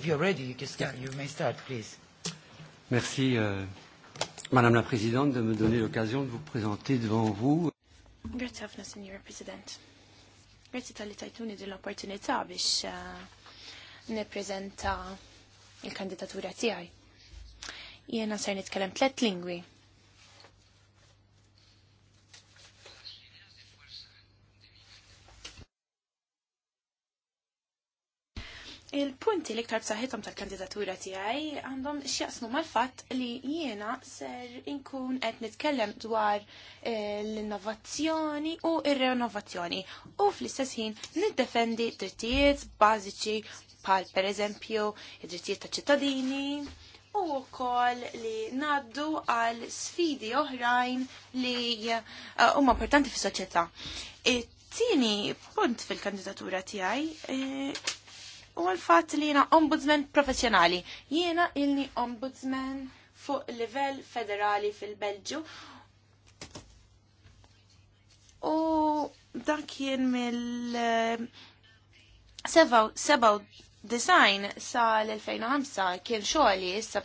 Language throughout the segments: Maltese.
if you're ready, you, can start, you may start, please. Merci, uh, Madame la Présidente, de me donner l'occasion de vous présenter devant vous. Grazie ħafna, Signora President. Grazie tali li tajtuni din l ne presenta neprezenta il-kandidatura tiegħi. Jiena ser nitkellem tlet lingwi il-punti li ktar b'saħħithom tal-kandidatura tiegħi għandhom x'jaqsmu mal-fatt li jiena ser inkun qed nitkellem dwar eh, l-innovazzjoni u r renovazzjoni u fl-istess ħin niddefendi drittijiet bażiċi bħal pereżempju id-drittijiet ta' ċittadini u wkoll li ngħaddu għal sfidi oħrajn li eh, huma importanti fis-soċjetà. It-tieni punt fil-kandidatura tiegħi eh, u għal-fat li jena ombudsman professjonali. Jena illi ombudsman fuq livell federali fil-Belġu. U dak eh, kien mill seba' design sa l-2005 kien xoħli issa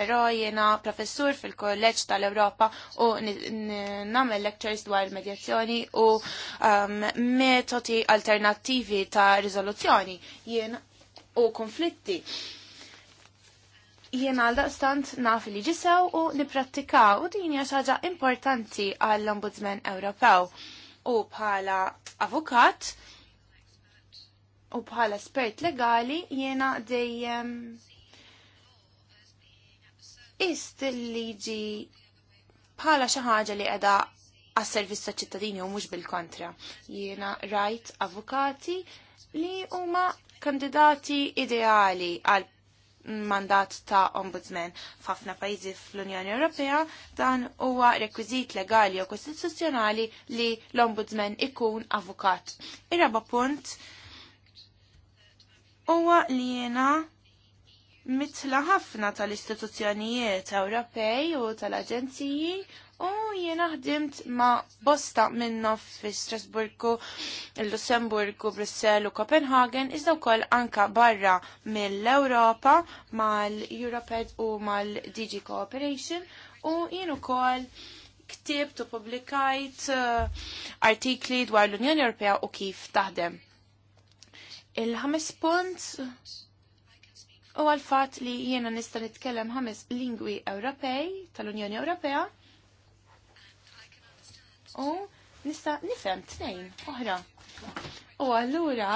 però jiena professur fil-Kolleġġ tal-Ewropa u nagħmel lectures dwar medjazzjoni u um, metodi alternattivi ta' rizoluzzjoni. Jien u konflitti. Jiena għal daqstant naf li ġisew u niprattikaw u din hija ħaġa importanti għall-Ombudsman Ewropew. U bħala avukat u bħala espert legali jiena dejjem ist ġi bħala xi ħaġa li qiegħda għas-servizz ta' ċittadini u mhux bil-kontra. Jiena rajt avukati li huma kandidati ideali għal mandat ta' ombudsman f'ħafna pajjiżi fl-Unjoni Ewropea dan huwa rekwiżit legali u kostituzzjonali li l-ombudsman ikun avukat. Ir-raba punt huwa li jiena mitla ħafna tal-istituzzjonijiet Ewropej u tal-aġenziji u jiena ħdimt ma' bosta minnu fi Strasburgu, il-Lussemburgu, Brussel u Copenhagen, iżda wkoll anka barra mill-Ewropa mal-Europed u mal-DG Cooperation u jien ukoll ktibt u publikajt uh, artikli dwar l-Unjoni Ewropea u kif taħdem. Il-ħames punt u għal fatt li jiena nista' nitkellem ħames lingwi Ewropej tal-Unjoni Ewropea u nista' nifhem tnejn oħra. U allura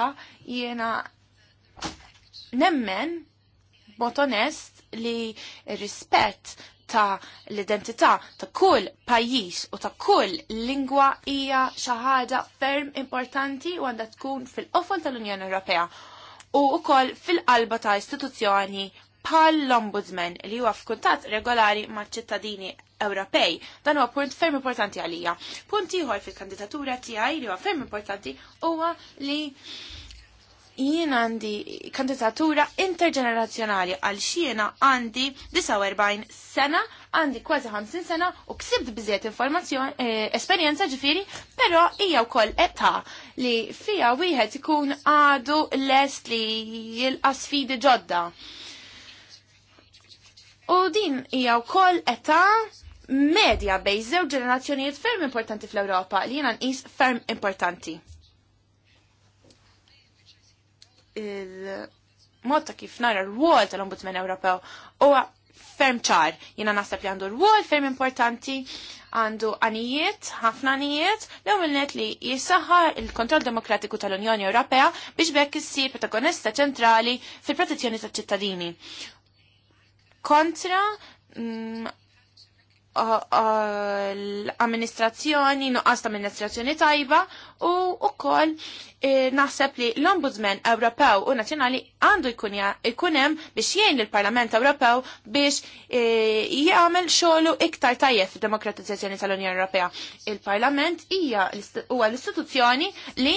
jiena nemmen b'mod onest li rispett ta' l-identità ta' kull pajjiż u ta' kull lingwa hija xi ħaġa ferm importanti u għandha tkun fil-qofol tal-Unjoni Ewropea u wkoll fil-qalba ta' istituzzjoni pal l-Ombudsman li huwa f'kuntatt regolari maċ-ċittadini Ewropej. Dan huwa punt ferm importanti għalija. Punt ieħor fil-kandidatura tiegħi li huwa ferm importanti huwa li jien għandi kandidatura interġenerazzjonali għal xiena għandi 49 sena, għandi kważi 50 sena u ksibt bżiet informazzjoni, eh, esperjenza ġifiri, pero hija wkoll età li fija wieħed ikun għadu lest li jilqa sfidi ġodda. U din hija wkoll età medja bejn żewġ ġenerazzjonijiet ferm importanti fl-Ewropa li jiena nqis ferm importanti il-mod ta' kif nara r-wol tal-Ombudsman Ewropew huwa ferm ċar. Jina naħseb li għandu l wol ferm importanti għandu għanijiet, ħafna għanijiet, l il-net li jisaħħa il-kontroll demokratiku tal-Unjoni Ewropea biex bekk issir protagonista ċentrali fil-protezzjoni tal-ċittadini. Kontra mm, l-amministrazzjoni, nuqqas ta' amministrazzjoni tajba u ukoll eh, naħseb li l-Ombudsman Ewropew u Nazzjonali għandu jkunem biex jgħin l-Parlament Ewropew biex eh, jgħamil xogħlu iktar tajjeb fid-demokratizzazzjoni tal-Unjoni Ewropea. Il-Parlament hija huwa l-istituzzjoni li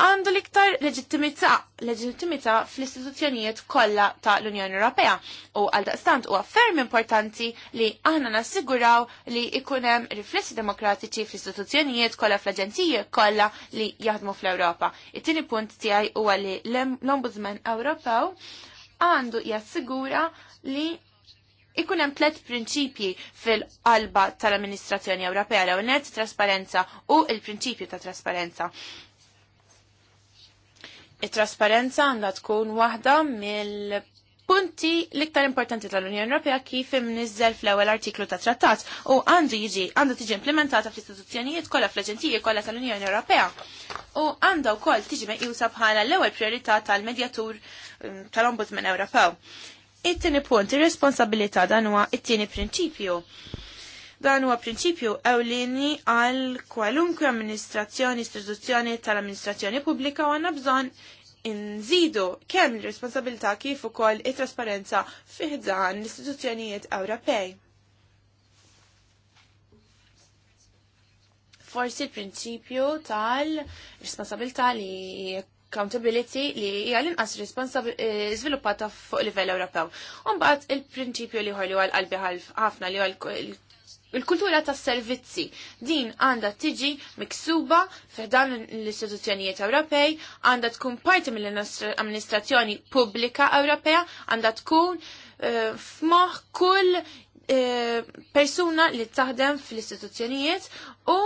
għandu liktar leġittimità leġittimità fl-istituzzjonijiet kollha ta' l-Unjoni Ewropea u għal daqstant huwa ferm importanti li aħna nassiguraw li ikun hemm riflessi demokratiċi fl-istituzzjonijiet kollha fl-aġenziji kollha li jaħdmu fl-Ewropa. It-tieni punt tiegħi huwa li l-Ombudsman Ewropew għandu jassigura li ikun hemm tliet prinċipji fil-qalba tal-Amministrazzjoni Ewropea l-ewwel trasparenza u l-prinċipju ta' trasparenza it-trasparenza għandha tkun waħda mill-punti l-iktar importanti tal-Unjoni Ewropea kif imniżżel fl-ewwel artiklu ta' trattat u għandu jiġi għandu tiġi implementata fl-istituzzjonijiet kollha fl-Aġenziji kollha tal-Unjoni Ewropea. U għandha wkoll tiġi meqjusa bħala l-ewwel priorità tal-Medjatur mm, tal-Ombudsman Ewropew. It-tieni punt, ir-responsabilità dan huwa it-tieni prinċipju. Dan huwa prinċipju ewlieni għal kwalunkwe amministrazzjoni, istituzzjoni tal-amministrazzjoni pubblika u għanna bżonn inżidu kemm ir-responsabilità kif ukoll it-trasparenza fih dan l-istituzzjonijiet Ewropej. Forsi l-prinċipju tal-responsabilità li accountability li hija l-inqas eh, sviluppata fuq livell Ewropew. mbagħad il-prinċipju li ħolli għal qalbi ħafna li għal il-kultura tas servizzi din għandha tiġi miksuba f'dan l-istituzzjonijiet Ewropej, għandha tkun parti mill-amministrazzjoni pubblika Ewropea, għandha tkun eh, f'moħħ kull eh, persuna li taħdem fl-istituzzjonijiet u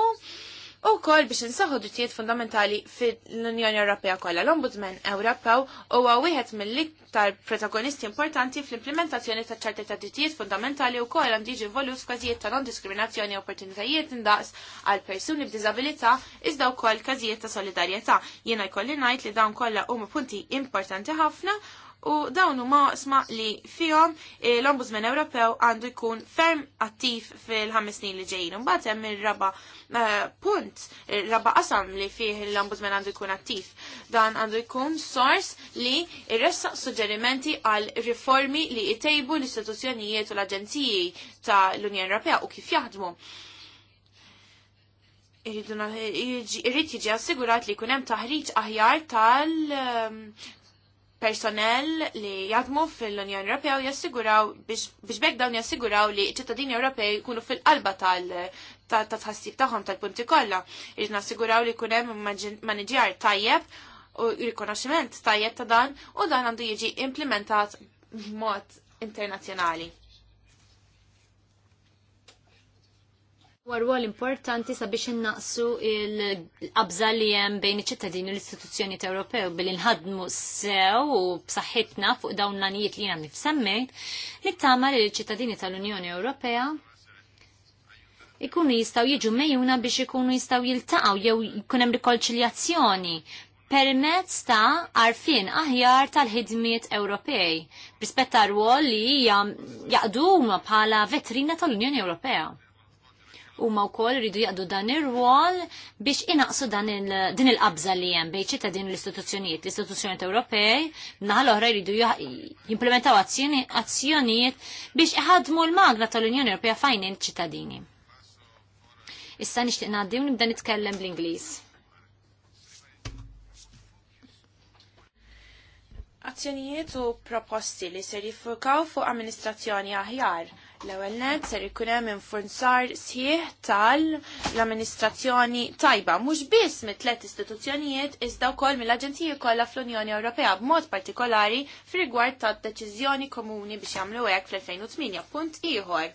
u kol biex nsaħu drittijiet fundamentali fil-Unjoni Ewropea kollha. L-Ombudsman Ewropew huwa wieħed mill-iktar protagonisti importanti fl-implementazzjoni ta' ċarta ta' drittijiet fundamentali u kol għandi jiġi volut ta' non-diskriminazzjoni u opportunitajiet indaqs għal persuni b'diżabilità iżda wkoll każijiet ta' solidarjetà. Jiena jkolli ngħid li dawn kollha huma punti importanti ħafna u dawn huma sma li fihom l-Ombudsman Ewropew għandu jkun ferm attiv fil-ħames snin li ġejjin. Mbagħad hemm ir-raba eh, punt, raba qasam li fih l-Ombudsman għandu jkun attiv. Dan għandu jkun sors li jressaq suġġerimenti għal riformi li jtejbu l-istituzzjonijiet u l-aġenziji ta' l-Unjoni Ewropea u kif jaħdmu irrid jiġi assigurat li kunem taħriġ aħjar tal eh, personell li jadmu fil-Unjoni Ewropea u jassiguraw biex bekk dawn jassiguraw li ċittadini Ewropej jkunu fil-qalba tal ta' tħassib tagħhom tal-punti kollha. Irid nassiguraw li jkun hemm maniġjar tajjeb u rikonoxximent tajjeb ta' dan u dan għandu jiġi implementat b'mod internazzjonali. Warwol importanti sabiex innaqsu il-qabża li hemm bejn iċ-ċittadini u l-istituzzjoni Ewropew billi nħadmu sew u b'saħħitna fuq dawn l għanijiet li hemm semmejt li tagħmel il-ċittadini tal-Unjoni Ewropea ikunu jistaw jiġu mejjuna biex ikunu jistaw jiltaqgħu jew ikun hemm rikonċiljazzjoni permezz ta' arfin aħjar tal-ħidmiet Ewropej, rispetta rwol li jaqduma bħala vetrina tal-Unjoni Ewropea huma wkoll iridu jaqdu dan ir-rwol biex inaqsu dan il, din il-qabża li hemm bejn ċittadin l-istituzzjonijiet, l-istituzzjonijiet Ewropej, naħa l-oħra jridu jimplementaw azzjonijiet biex iħadmu l-magna tal-Unjoni Ewropea fajn ċittadini. Issa nixtieq ngħaddi u nibda nitkellem bl-Ingliż. Azzjonijiet u proposti li ser jiffukaw fuq amministrazzjoni aħjar L-ewwel net ser ikun hemm infurzar sħiħ tal-amministrazzjoni tajba, mhux biss mit tliet istituzzjonijiet iżda wkoll mill-Aġenziji kollha fl-Unjoni Ewropea b'mod partikolari f'rigward ta' deċiżjoni komuni biex jagħmlu hekk fl-2008 punt ieħor.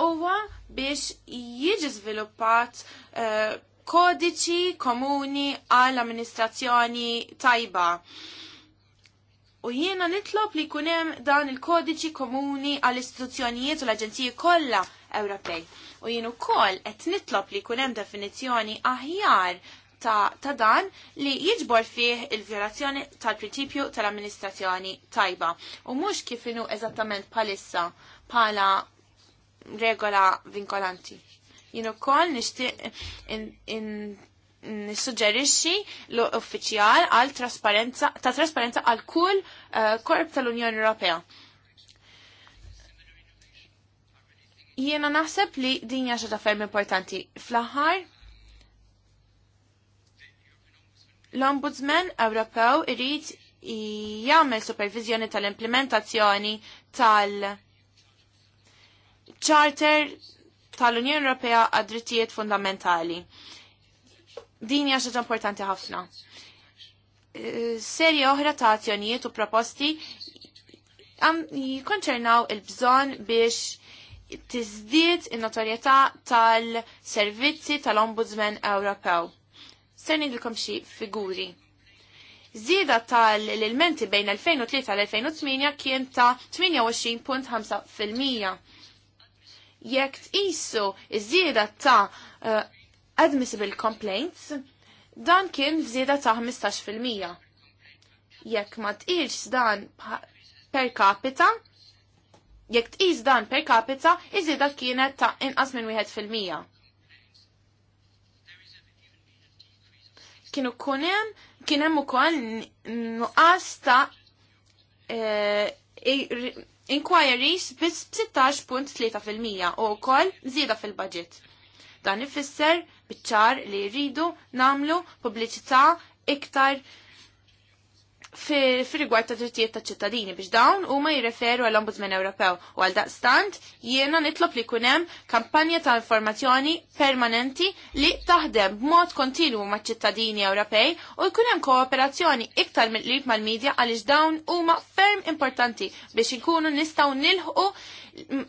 Huwa biex jiġi żviluppat eh, kodiċi komuni għall-amministrazzjoni tajba U jiena nitlob li kunem dan il-kodiċi komuni għall-istituzzjonijiet u l-aġenziji kollha Ewropej. U jien ukoll qed nitlob li kunem definizzjoni aħjar ta', ta dan li jiġbor fih il-violazzjoni tal-prinċipju tal-amministrazzjoni tajba. U mhux kif inu eżattament palissa pala regola vinkolanti. Jien ukoll nixtieq nissuġġerixxi l-uffiċjal għal trasparenza ta' trasparenza għal kull eh, korp tal-Unjoni Ewropea. Jiena naħseb li din hija xi ferm importanti fl-aħħar l-Ombudsman Ewropew irid jagħmel supervizjoni tal-implementazzjoni tal-Charter tal-Unjoni Ewropea għad-drittijiet fundamentali. Din hija ħaġa importanti ħafna. Eh, Serja oħra ta' azzjonijiet u proposti jikonċernaw il-bżon biex tiżdied in-notorjetà tal-servizzi tal-Ombudsman Ewropew. Ser nidilkom xi figuri. Zieda tal-elementi bejn 2003 l-2008 kien ta' 28.5%. Jekk tqisu iż-żieda ta' eh, admissible complaints dan kien f'żieda ta' 15%. Jekk ma tqilx dan per capita, jekk tqis dan per capita, iż-żieda kienet ta' inqas minn 1%. kienu kunem, kienem u kon nuqas ta' inquiries bis 16.3% u kol zida fil-budget. Dan ifisser biċċar li jridu namlu pubbliċità iktar fil-rigward ta' drittijiet ta' ċittadini biex dawn huma jirreferu għall ombudsman Ewropew u għal daqstant jiena nitlob li jkun hemm kampanja ta' informazzjoni permanenti li taħdem b'mod kontinwu maċ ċittadini Ewropej u jkun hemm kooperazzjoni iktar mill-qrib mal-medja għaliex dawn huma ferm importanti biex inkunu nistgħu nilħu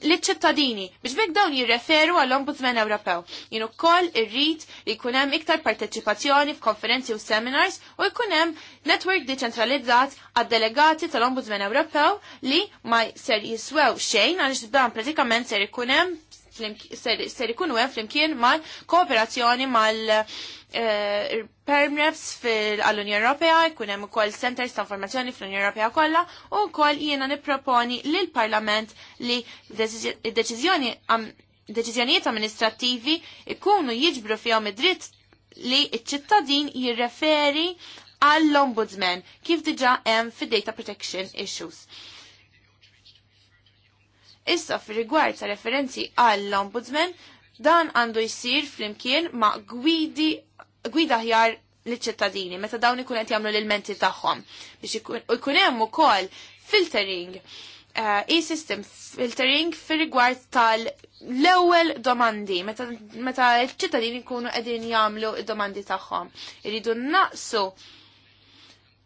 l-ċittadini biex bek dawn jirreferu għall-Ombudsman Ewropew. Jien ukoll irrid li jkun hemm iktar parteċipazzjoni f'konferenzi u seminars u jkun hemm netwerk deċentralizzat għad-delegati tal-Ombudsman Ewropew li ma ser jiswew xejn għaliex dan pratikament ser ikun hemm ser jkunu hemm flimkien mal-kooperazzjoni mal-, -kooperazzjoni mal Eh, perm fil-Unjoni Ewropea, jkun hemm ukoll centers ta' informazzjoni fl-Unjoni Ewropea kollha, u wkoll jiena nipproponi lil parlament li deċiżjoni deċiżjonijiet amministrattivi ikunu jiġbru fihom id-dritt li ċ-ċittadin jirreferi għall-ombudsman kif diġa hemm fid data protection issues. Issa fi rigward ta' referenzi għall-ombudsman dan għandu jisir flimkien ma' gwidi gwida ħjar l-ċittadini, meta dawn ikun qed jagħmlu l-ilmenti tagħhom biex ikun hemm ukoll filtering eh, e-system filtering fir rigward tal-ewwel domandi meta l-ċittadini jkunu qegħdin jagħmlu d-domandi tagħhom. Iridu naqsu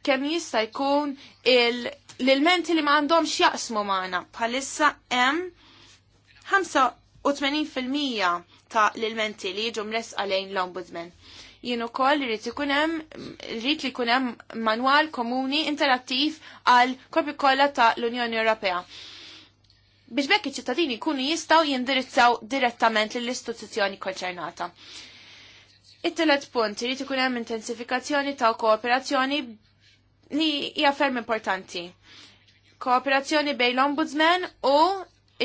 kemm jista' jkun l-ilmenti li ma jaqsmu magħna. Bħalissa hemm 85% ta' l-ilmenti li jiġu mres għalejn l-ombudsman jien ukoll irid rrit ikunem, rrit li jkun hemm manwal komuni interattiv għal korpi kollha ta' l-Unjoni Ewropea. Biex bekk iċ-ċittadini jkunu jistgħu jindirizzaw direttament lill-istituzzjoni konċernata. It-telet punt irid ikun hemm intensifikazzjoni ta' kooperazzjoni li hija ferm importanti. Kooperazzjoni bejn l-Ombudsman u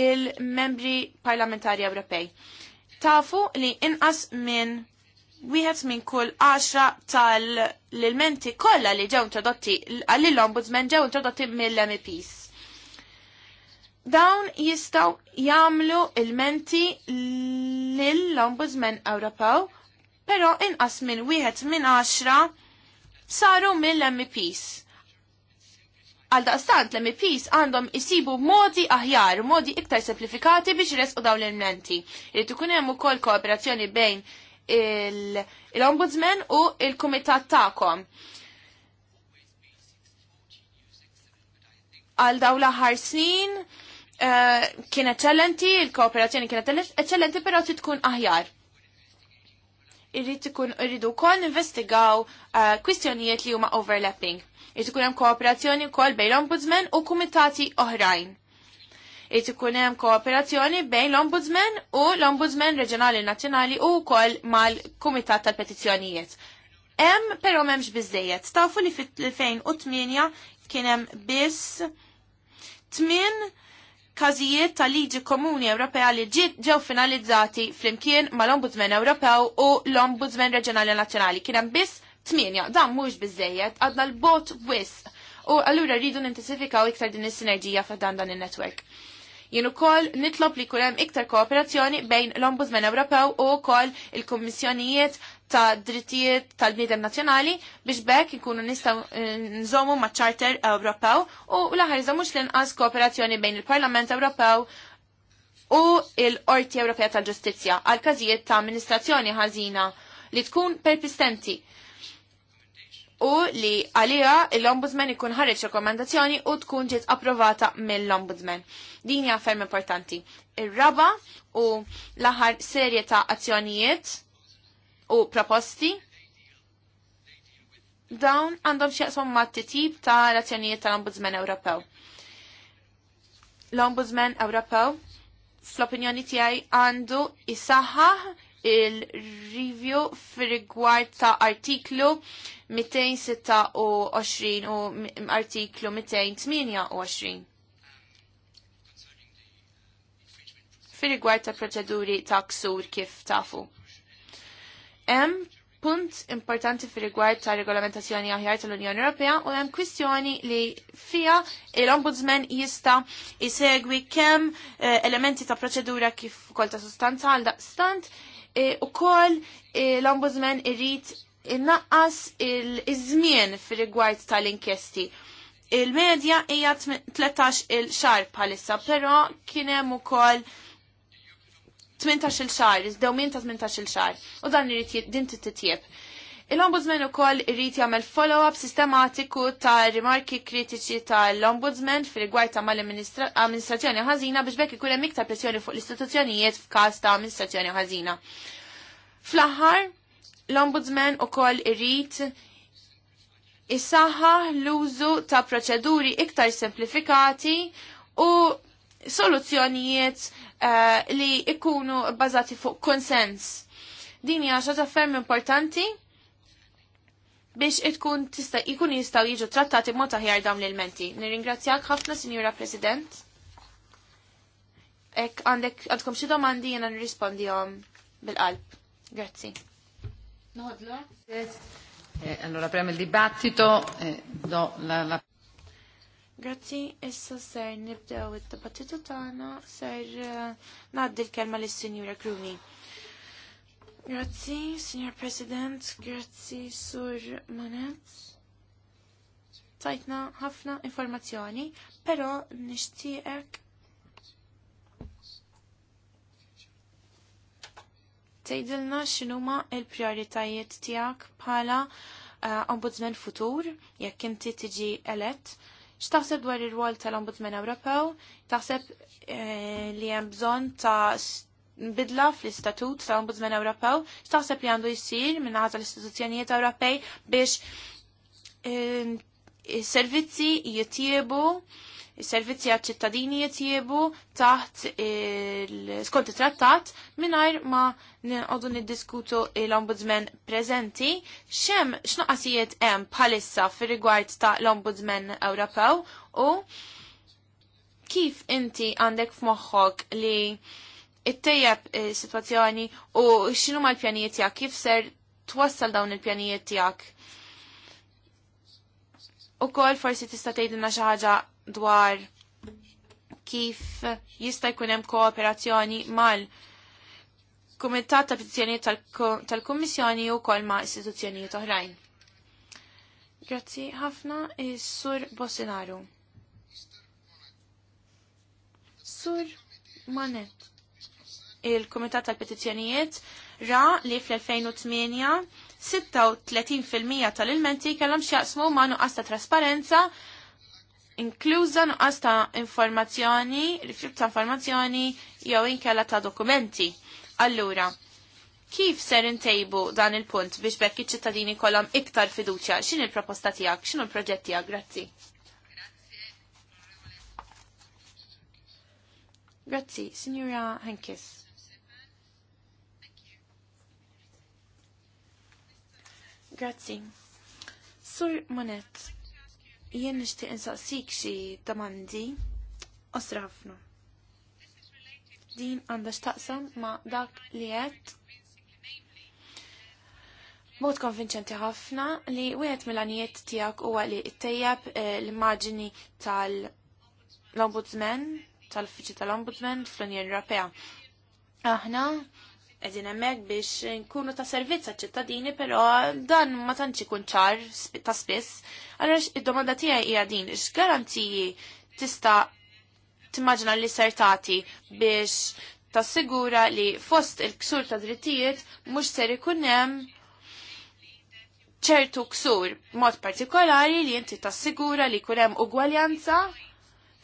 il-membri parlamentari Ewropej tafu li inqas minn wieħed minn kull 10 tal-ilmenti kollha li ġew introdotti għall-ombudsman ġew introdotti mill-MPs. Dawn jistaw jagħmlu ilmenti lill-Ombudsman Ewropew, però inqas minn wieħed minn 10 saru mill-MPs. Għal daqstant l-MPs għandhom isibu modi aħjar, modi iktar semplifikati biex resqu dawn l-ilmenti. Irid ikun hemm ukoll kooperazzjoni bejn l-Ombudsman u il-Kumitat ta'kom. Għal dawla ħarsin snin eh, kien eccellenti, il-kooperazzjoni kien eccellenti, però ti tkun aħjar. Irrid ikun irridu kon investigaw eh, kwistjonijiet li huma overlapping. Irrid ikun hemm kooperazzjoni wkoll bejn l-Ombudsman u kumitati oħrajn Irid ikun hemm kooperazzjoni bejn l-Ombudsman u l-Ombudsman Reġjonali Nazzjonali u wkoll mal-Kumitat tal-Petizzjonijiet. Hemm però m'hemmx biżejjed. Tafu li fit-2008 kien hemm biss tmien każijiet ta' liġi komuni Ewropea li ġiet ġew finalizzati flimkien mal-Ombudsman Ewropew u l-Ombudsman Reġjonali Nazzjonali. Kien hemm biss tminja, dan mhux biżejjed, għadna l-bot wisq. U allura rridu nintensifikaw iktar din is-sinerġija f'dan dan in-netwerk. Jien ukoll nitlob li kulem iktar kooperazzjoni bejn l-Ombudsman Ewropew u wkoll il-Kummissjonijiet ta' drittijiet tal bnidem nazzjonali biex bekk ikunu nistgħu eh, nżommu ma' ċarter Ewropew u l-aħħar mhux l-inqas kooperazzjoni bejn il-Parlament Ewropew u l-Qorti Ewropea tal-Ġustizzja għal każijiet ta' amministrazzjoni ħażina li tkun persistenti u li għalija l-Ombudsman ikun ħareġ rekomendazzjoni u tkun ġiet approvata mill-Ombudsman. Din hija ferm importanti. Ir-raba u l-aħħar serje ta' azzjonijiet u proposti dawn għandhom xieqsom ma' t-tip ta' razzjonijiet tal-Ombudsman Ewropew. L-Ombudsman Ewropew, fl-opinjoni tijaj, għandu jisaħħaħ il-review fil rigward ta' artiklu 226 u artiklu 228. Fir-rigward ta' proċeduri ta' ksur kif tafu. Hemm punt importanti fil rigward ta' regolamentazzjoni aħjar tal-Unjoni Ewropea u hemm kwistjoni li fija l-Ombudsman jista' isegwi kemm eh, elementi ta' proċedura kif ukoll ta' sustanza għal daqstant E, u koll e, l-ombudsman irrit innaqqas il-żmien fil-rigward tal-inkjesti. Il-medja hija 13 il-xar bħalissa, però kien hemm ukoll 18 il-xar, iżdew minn ta' 18 il-xar. U dan irid din titjeb. Il-Ombudsman ukoll irrid jagħmel follow-up sistematiku ta' rimarki kritiċi tal-Ombudsman fil-rigward ta' mal-amministrazzjoni ħażina biex bekk ikun hemm iktar pressjoni fuq l-istituzzjonijiet f'każ ta' amministrazzjoni ħażina. Fl-aħħar, l-Ombudsman ukoll irrid isaħħa l-użu ta' proċeduri iktar semplifikati u soluzzjonijiet uh, li ikunu bazati fuq konsens. Din hija xaġa ferm importanti biex itkun tista' jkun jistgħu jiġu trattati mod aħjar dawn l-elementi. Nirringrazzjak ħafna, Sinjura President. Ek għandek għandkom xi domandi jiena għom bil-qalb. Grazzi. Eh, allora prema il dibattito, eh, do la, la... Grazzi, issa ser nibdew id-dibattitu tagħna, ser eh, ngħaddi l-kelma lis-Sinjura Cruni. Grazzi, signor President, Grazie, sur Manet. Tajtna ħafna informazzjoni, pero nishtiqek tejdilna x'inhuma l-prioritajiet tiegħek bħala uh, ombudsman futur jekk inti tiġi elett. X'taħseb dwar ir-rwol tal-Ombudsman Ewropew? Taħseb eh, li hemm bżonn ta' bidla fl-istatut ta' Ombudsman Ewropew, x'taħseb li għandu jsir minn ħaġa l-istituzzjonijiet Ewropej biex ehm, is-servizzi jitjiebu is-servizzi għaċ ċittadini jitjiebu taħt skont it-trattat mingħajr ma nqogħdu niddiskutu l-Ombudsman preżenti x'hemm x'nuqqasijiet hemm bħalissa fir-rigward ta' l-Ombudsman Ewropew u kif inti għandek f'moħħok li it-tejjeb eh, situazzjoni u x'inhu l pjanijiet tiegħek kif ser twassal dawn il-pjanijiet tiegħek. Ukoll forsi tista' tgħidilna xi ħaġa dwar kif jista' jkun hemm kooperazzjoni mal kumitat ta' petizzjonijiet tal-Kummissjoni u kol ma' istituzzjonijiet oħrajn. Grazzi ħafna is-Sur eh, Bosinaru. Sur Manet il-Komitat tal-Petizzjonijiet ra li fl-2008 36% tal-ilmenti kellhom x'jaqsmu ma' nuqqas ta' trasparenza inkluża nuqqas ta' informazzjoni, rifjut ta' informazzjoni jew inkella ta' dokumenti. Allura, kif ser intejbu dan il-punt biex bekk iċ-ċittadini kollhom iktar fiduċja? X'in il-proposta tiegħek? X'inhu l-proġett tiegħek? Grazzi. Grazzi, Signora Henkis. Grazzi. Sur Monet, jien nixtieq insaqsik xi domandi osra ħafna. Din għandha x'taqsam ma' dak li qed Mod konvinċenti ħafna li wieħed mill-għanijiet tiegħek huwa li ttejjeb eh, l-immaġini tal-Ombudsman, tal-Uffiċċju tal-Ombudsman fl-Unjoni Ewropea. Aħna edin emmek biex nkunu ta' servizza ċittadini, pero dan ma tantx ikun ċar ta' spiss. Allora id-domanda tiegħi hija din, garantiji tista' timmaġna li sertati biex ta' sigura li fost il-ksur ta' drittijiet mhux ser ikun hemm ċertu ksur mod partikolari li inti ta' sigura li kunem ugwaljanza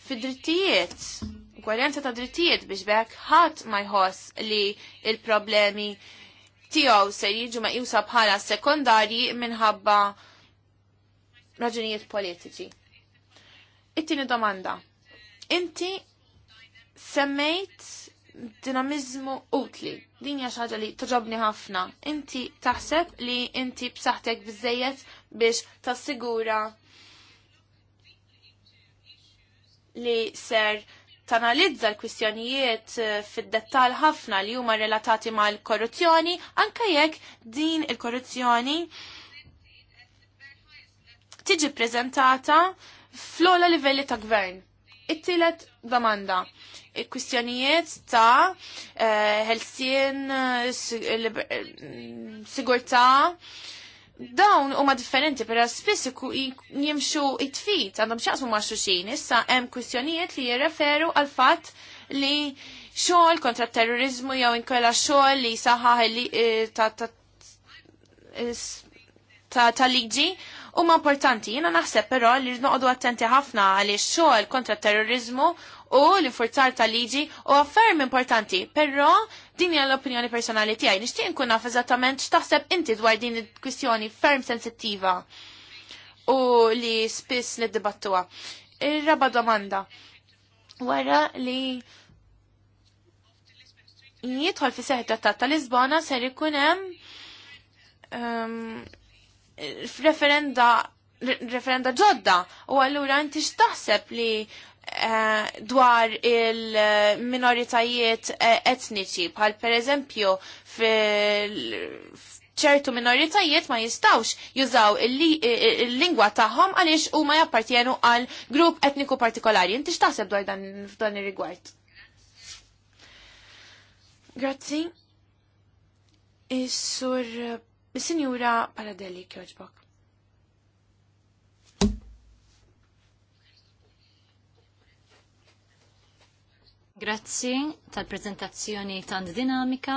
fi drittijiet gwarjanza ta' drittijiet biex bekk ħadd ma jħoss li il-problemi tiegħu se jiġu ma jusa bħala sekondarji minħabba raġunijiet politiċi. It-tieni domanda. Inti semmejt dinamizmu utli. Din hija xi ħaġa li toġobni ħafna. Inti taħseb li inti b'saħħtek biżejjed biex tassigura li ser tanalizza l-kwistjonijiet eh, fid-dettal ħafna li huma relatati ma' l-korruzzjoni, anka jekk din il-korruzzjoni tiġi prezentata fl-ola livelli ta' gvern. It-tielet domanda. Il-kwistjonijiet ta' eh, ħelsien, eh, sigurtà, dawn huma differenti però spiss jimxu it-tfit għandhom xaqsmu ma' xuxin. Issa hemm kwistjonijiet li jirreferu għal fatt li xogħol kontra terrorizmu jew inkella xogħol li saħaħ li eh, ta' ta' liġi huma importanti. Jiena naħseb però li noqogħdu attenti ħafna għaliex xogħol kontra terrorizmu u l-infurzar ta' liġi u affermi importanti, però Din hija l-opinjoni personali tiegħi. Nixtieq nkun naf eżattament x'taħseb inti dwar din il-kwistjoni ferm sensittiva u li spiss niddibattuha. Ir-raba domanda. Wara li jidħol fi seħ ta' ta' Lisbona ser ikun hemm um, referenda referenda ġodda u allura inti x'taħseb li Eh, dwar il-minoritajiet eh, etniċi, bħal per eżempju ċertu minoritajiet ma jistawx jużaw il-lingwa tagħhom għaliex huma jappartjenu għal grupp etniku partikolari. Inti x'taħseb dwar dan f'dan ir-rigward? Grazzi. Is-sur Sinjura Paradelli, kjoġbok. Grazzi tal-prezentazzjoni tant dinamika.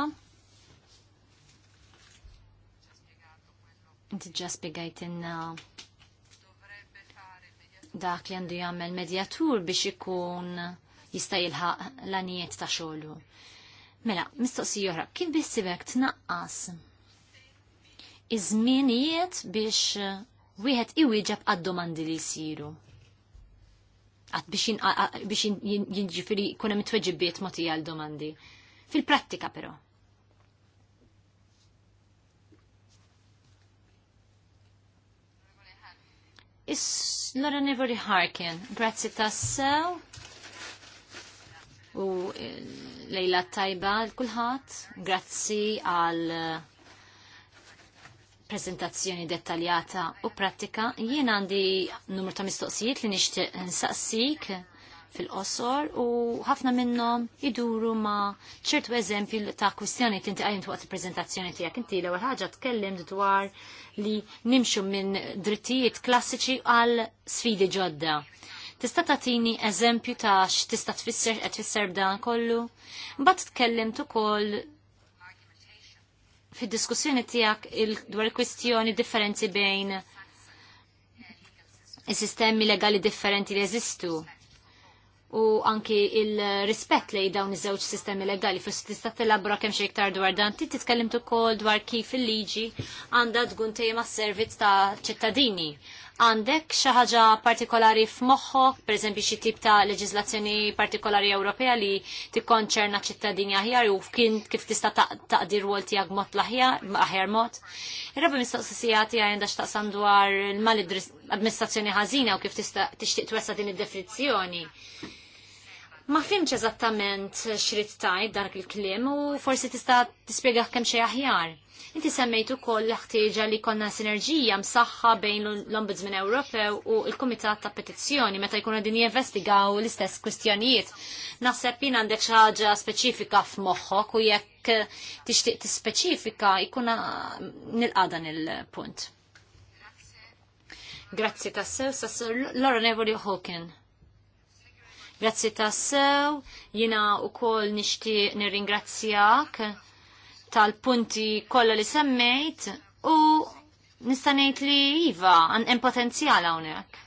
ġa spiegajtinna dak li għandu jagħmel medjatur biex ikun jista' jilħaq l-anijiet ta' xogħlu. Mela, mistoqsi oħra, kif bissibek tnaqqas iż-żmienijiet biex wieħed iwieġeb għad-domandi li jsiru? għat biex jinġifiri kuna it-tweġibiet moti għal domandi. Fil-prattika però. Is Lora Nevori Harkin, grazzi tassew u eh, lejla tajba l-kulħat, grazzi għal eh, prezentazzjoni dettaljata u pratika. Jien għandi numru ta' mistoqsijiet li nixtieq nsaqsik fil-qosor u ħafna minnhom iduru ma' ċertu eżempju ta' kwistjoni li inti għajnt waqt il-prezentazzjoni tiegħek. Inti l-ewwel ħaġa tkellimt dwar li nimxu minn drittijiet klassiċi għal sfidi ġodda. Tista' tagħtini eżempju ta' x'tista' tfisser qed tfisser b'dan kollu? Mbagħad tkellimt ukoll fid-diskussjoni tiegħek dwar kwistjoni differenzi bejn is-sistemi legali differenti li jeżistu u anki il-rispett li dawn iż-żewġ sistemi legali fis tista' tilabra kemm xi iktar dwar dan ti titkellimt ukoll dwar kif il-liġi għandha tkun tejma s-servizz ta' ċittadini għandek xi ħaġa partikolari f'moħħok, pereżempju xi tip ta' leġislazzjoni partikolari Ewropea li tikkonċerna ċittadini aħjar u kien kif tista' taqdi rwol tiegħek mod l-aħjar aħjar mod. Ir-raba mistoqsija tiegħi għandha x'taqsam dwar mal-administrazzjoni ħażina u kif tista' tixtieq twessa din id-definizzjoni. Ma fimx eżattament xrid tajt dak il-kliem u forsi tista' tispjegah kemm xi aħjar. Inti semmejt ukoll l-ħtieġa li konna sinerġija msaħħa bejn l-Ombudsman Ewropew u l-Kumitat ta' Petizzjoni meta jkunu din jinvestigaw l-istess kwistjonijiet. Naħseb jien għandek xi ħaġa speċifika f'moħħok u jekk tixtieq tispeċifika jkun nilqa' dan il-punt. Grazzi tassew, sassur Laura Nevoli Hawken. Grazzi tassew, jina u kol nishti nirringrazzjak tal-punti kolla li semmejt u nistanejt li jiva għan potenzjal unek.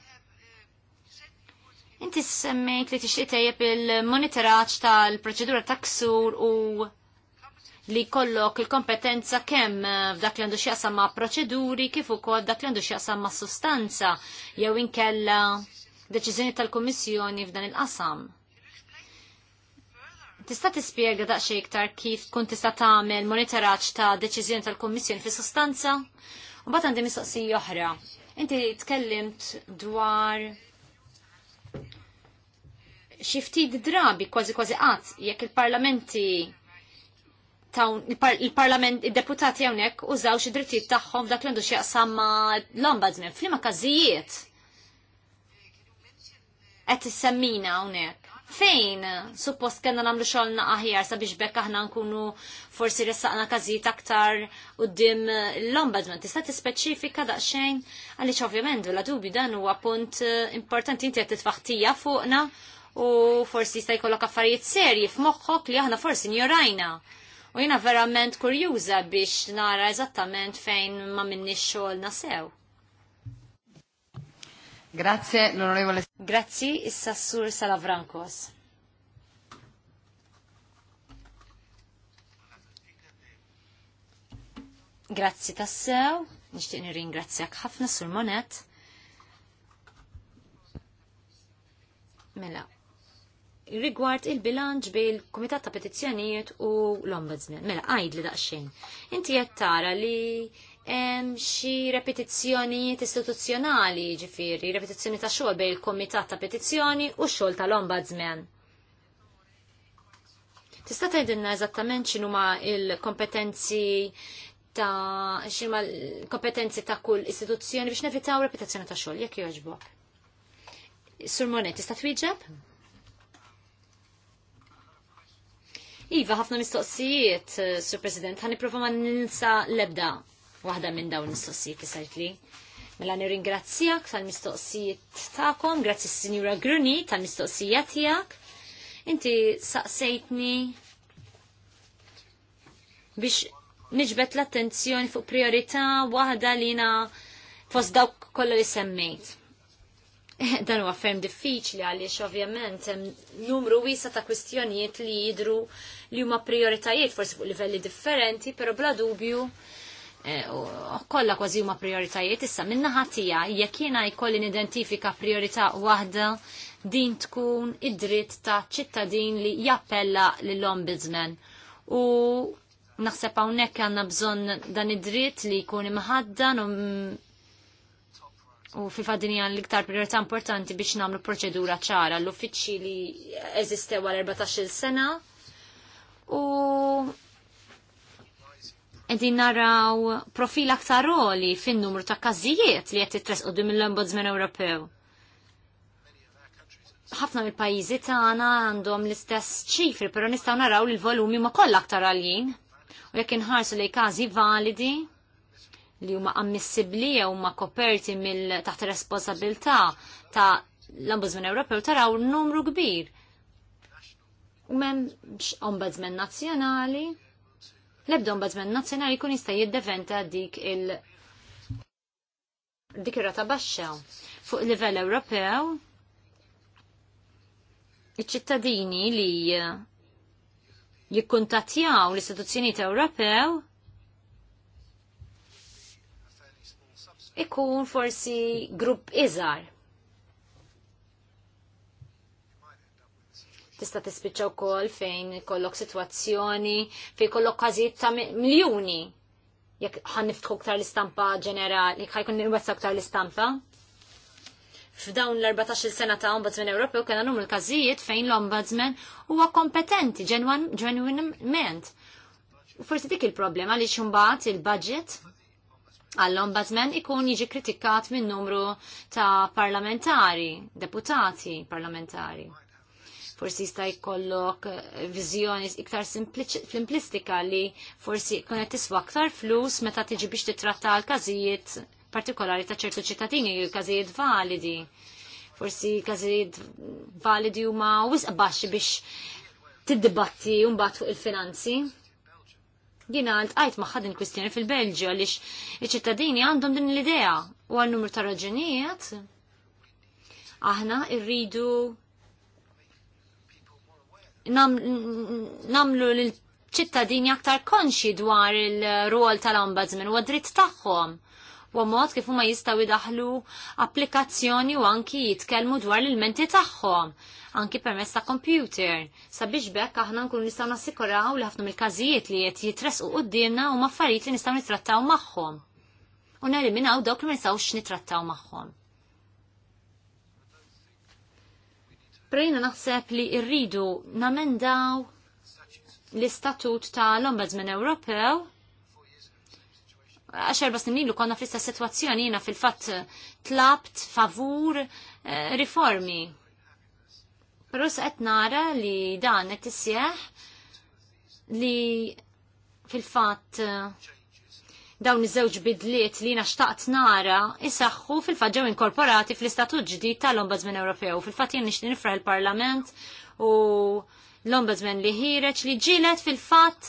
Inti semmejt li tixtieq tejjeb il-monitoraġġ tal-proċedura ta' ksur u li kollok il-kompetenza kemm f'dak li għandu x'jaqsam ma' proċeduri kif ukoll dak li għandu x'jaqsam ma' sustanza jew inkella deċiżjoni tal-Kummissjoni f'dan il-qasam. Tista' tispjega daqsxejn iktar kif tkun tista' tagħmel monitoraġġ ta' deċiżjoni tal-Kummissjoni fis sostanza U mbagħad għandi mistoqsija oħra. Inti tkellimt dwar xi ftit drabi kważi kważi qatt jekk il-parlamenti il-parlament, il-deputati hawnhekk użaw xi drittijiet tagħhom dak l-għandu xi jaqsam mal l-ombudsman f'liema każijiet qed semmina hawnhekk. Fejn suppost kena nagħmlu xogħolna aħjar sabiex bekk aħna nkunu forsi ressaqna kazit aktar quddiem l-ombudsman. Tista' tispeċifika daqsxejn għaliex ovvjament la dubi dan huwa punt eh, importanti inti t titfaħtija fuqna u forsi jista' jkollok affarijiet serji f'moħħok li aħna forsi njorajna. U jiena verament kurjuża biex nara eżattament fejn ma minni xogħolna sew. Grazie, l'onorevole. Grazzi, issa sur Salavrankos. Grazzi tassew, nishtiq nirringrazzjak ħafna sur Monet. Mela, rigward il-bilanċ bil kumitat ta' Petizzjonijiet u l-Ombudsman. Mela, għajd li daqxejn. Inti qed tara li xi repetizzjonijiet istituzzjonali ġifiri, repetizzjoni ta' xogħol bejn il komitat ta' Petizzjoni u xogħol tal-Ombudsman. Tista' tgħidilna eżattament x'inhuma il-kompetenzi ta' x'inhuma l-kompetenzi ta' kull istituzzjoni biex nevitaw repetizzjoni ta' xogħol jekk jogħġbok. Sur Monet, tista' twieġeb? Iva, ħafna mistoqsijiet, Sur President, ħani prova ma ninsa l-ebda waħda minn dawn mistoqsijiet li sajt li. Mela nirringrazzjak tal-mistoqsijiet tagħkom, grazzi s-Sinjura Gruni tal-mistoqsija tiegħek. Inti saqsejtni biex niġbet l-attenzjoni fuq priorità waħda li na fost dawk kollha li semmejt. Dan huwa ferm diffiċli għaliex ovvjament hemm numru wiesa ta' kwistjonijiet li jidru li huma prioritajiet forsi fuq livelli differenti, però bla dubju Eh, kollha kważi huma prioritajiet issa min-naħa tiegħi jekk jiena jkolli identifika priorità waħda din tkun id-dritt ta' ċittadin li jappella lill-ombudsman. U naħseb hawnhekk għandna bżonn dan id-dritt li jkun imħaddan u fi fil dinja l-iktar priorità importanti biex namlu proċedura ċara l-uffiċċji li eżistew għal 14 sena u edin naraw profil aktar roli fin numru ta' każijiet li qed jitres qudiem mill-Ombudsman Ewropew. Ħafna mill-pajjiżi tagħna għandhom l-istess ċifri, però nistgħu naraw li l-volumi ma kollha aktar għaljin. U jekk inħarsu li każi validi li huma ammissibbli jew huma koperti mill taħt responsabilità ta' l-Ombudsman Ewropew taraw numru kbir. U m'hemmx ombudsman nazzjonali, l-ebda bazmen nazzjonali jkun jista' jiddeventa dik il- dik ir-rata baxxa fuq livell Ewropew iċ-ċittadini li jikkuntattjaw l-istituzzjonijiet Ewropew ikun forsi grupp iżgħar. tista' tispiċċa wkoll fejn ikollok sitwazzjoni fejn jkollok każijiet ta' miljuni jekk ħan ktar l-istampa ġenerali, jekk ħajkun nirwessa ktar l-istampa. F'dawn l-14 sena ta' Ombudsman Ewropew kena numru l-każijiet fejn l-Ombudsman huwa kompetenti ġenwinment. Forsi dik il-problema li xumbat il-budget għall-ombudsman ikun jiġi kritikat minn numru ta' parlamentari, deputati parlamentari forsi jista' jkollok eh, viżjoni iktar simplistika li forsi kunet tiswa aktar flus meta tiġi biex titratta l-każijiet partikolari ta' ċertu ċittadini, każijiet validi. Forsi każijiet validi huma wisq baxxi biex tiddibatti mbagħad fuq il-finanzi. Jiena għalt ma' ħadin kwistjoni fil-Belġio għaliex iċ-ċittadini għandhom din l-idea u għal numru ta' raġunijiet aħna irridu namlu l-ċittadini aktar konxi dwar il-rol tal-ombudsman u għadrit tagħhom u mod kif huma jistgħu jidaħlu applikazzjoni u anki jitkellmu dwar l-menti tagħhom anki permezz ta' computer. Sabiex bekk aħna nkunu nistgħu nassikuraw li ħafna mill-każijiet li qed jitresqu qudiemna huma affarijiet li nistgħu nittrattaw magħhom. U neliminaw dawk li ma nistgħux nittrattaw magħhom. Prejna naħseb li irridu namendaw l-istatut ta' l-Ombudsman Ewropew għax erba snin konna fl-istess situazzjoni jina fil-fatt tlabt favur eh, riformi. Però se qed nara li dan qed isseħ li fil-fatt eh, dawn iż-żewġ bidliet li naxtaqt nara isaħħu fil-fatt ġew inkorporati fl-istatut ġdid tal-Ombudsman Ewropew. Fil-fatt jien nixtieq nifra il-Parlament u l-Ombudsman li ħireġ li ġilet fil-fatt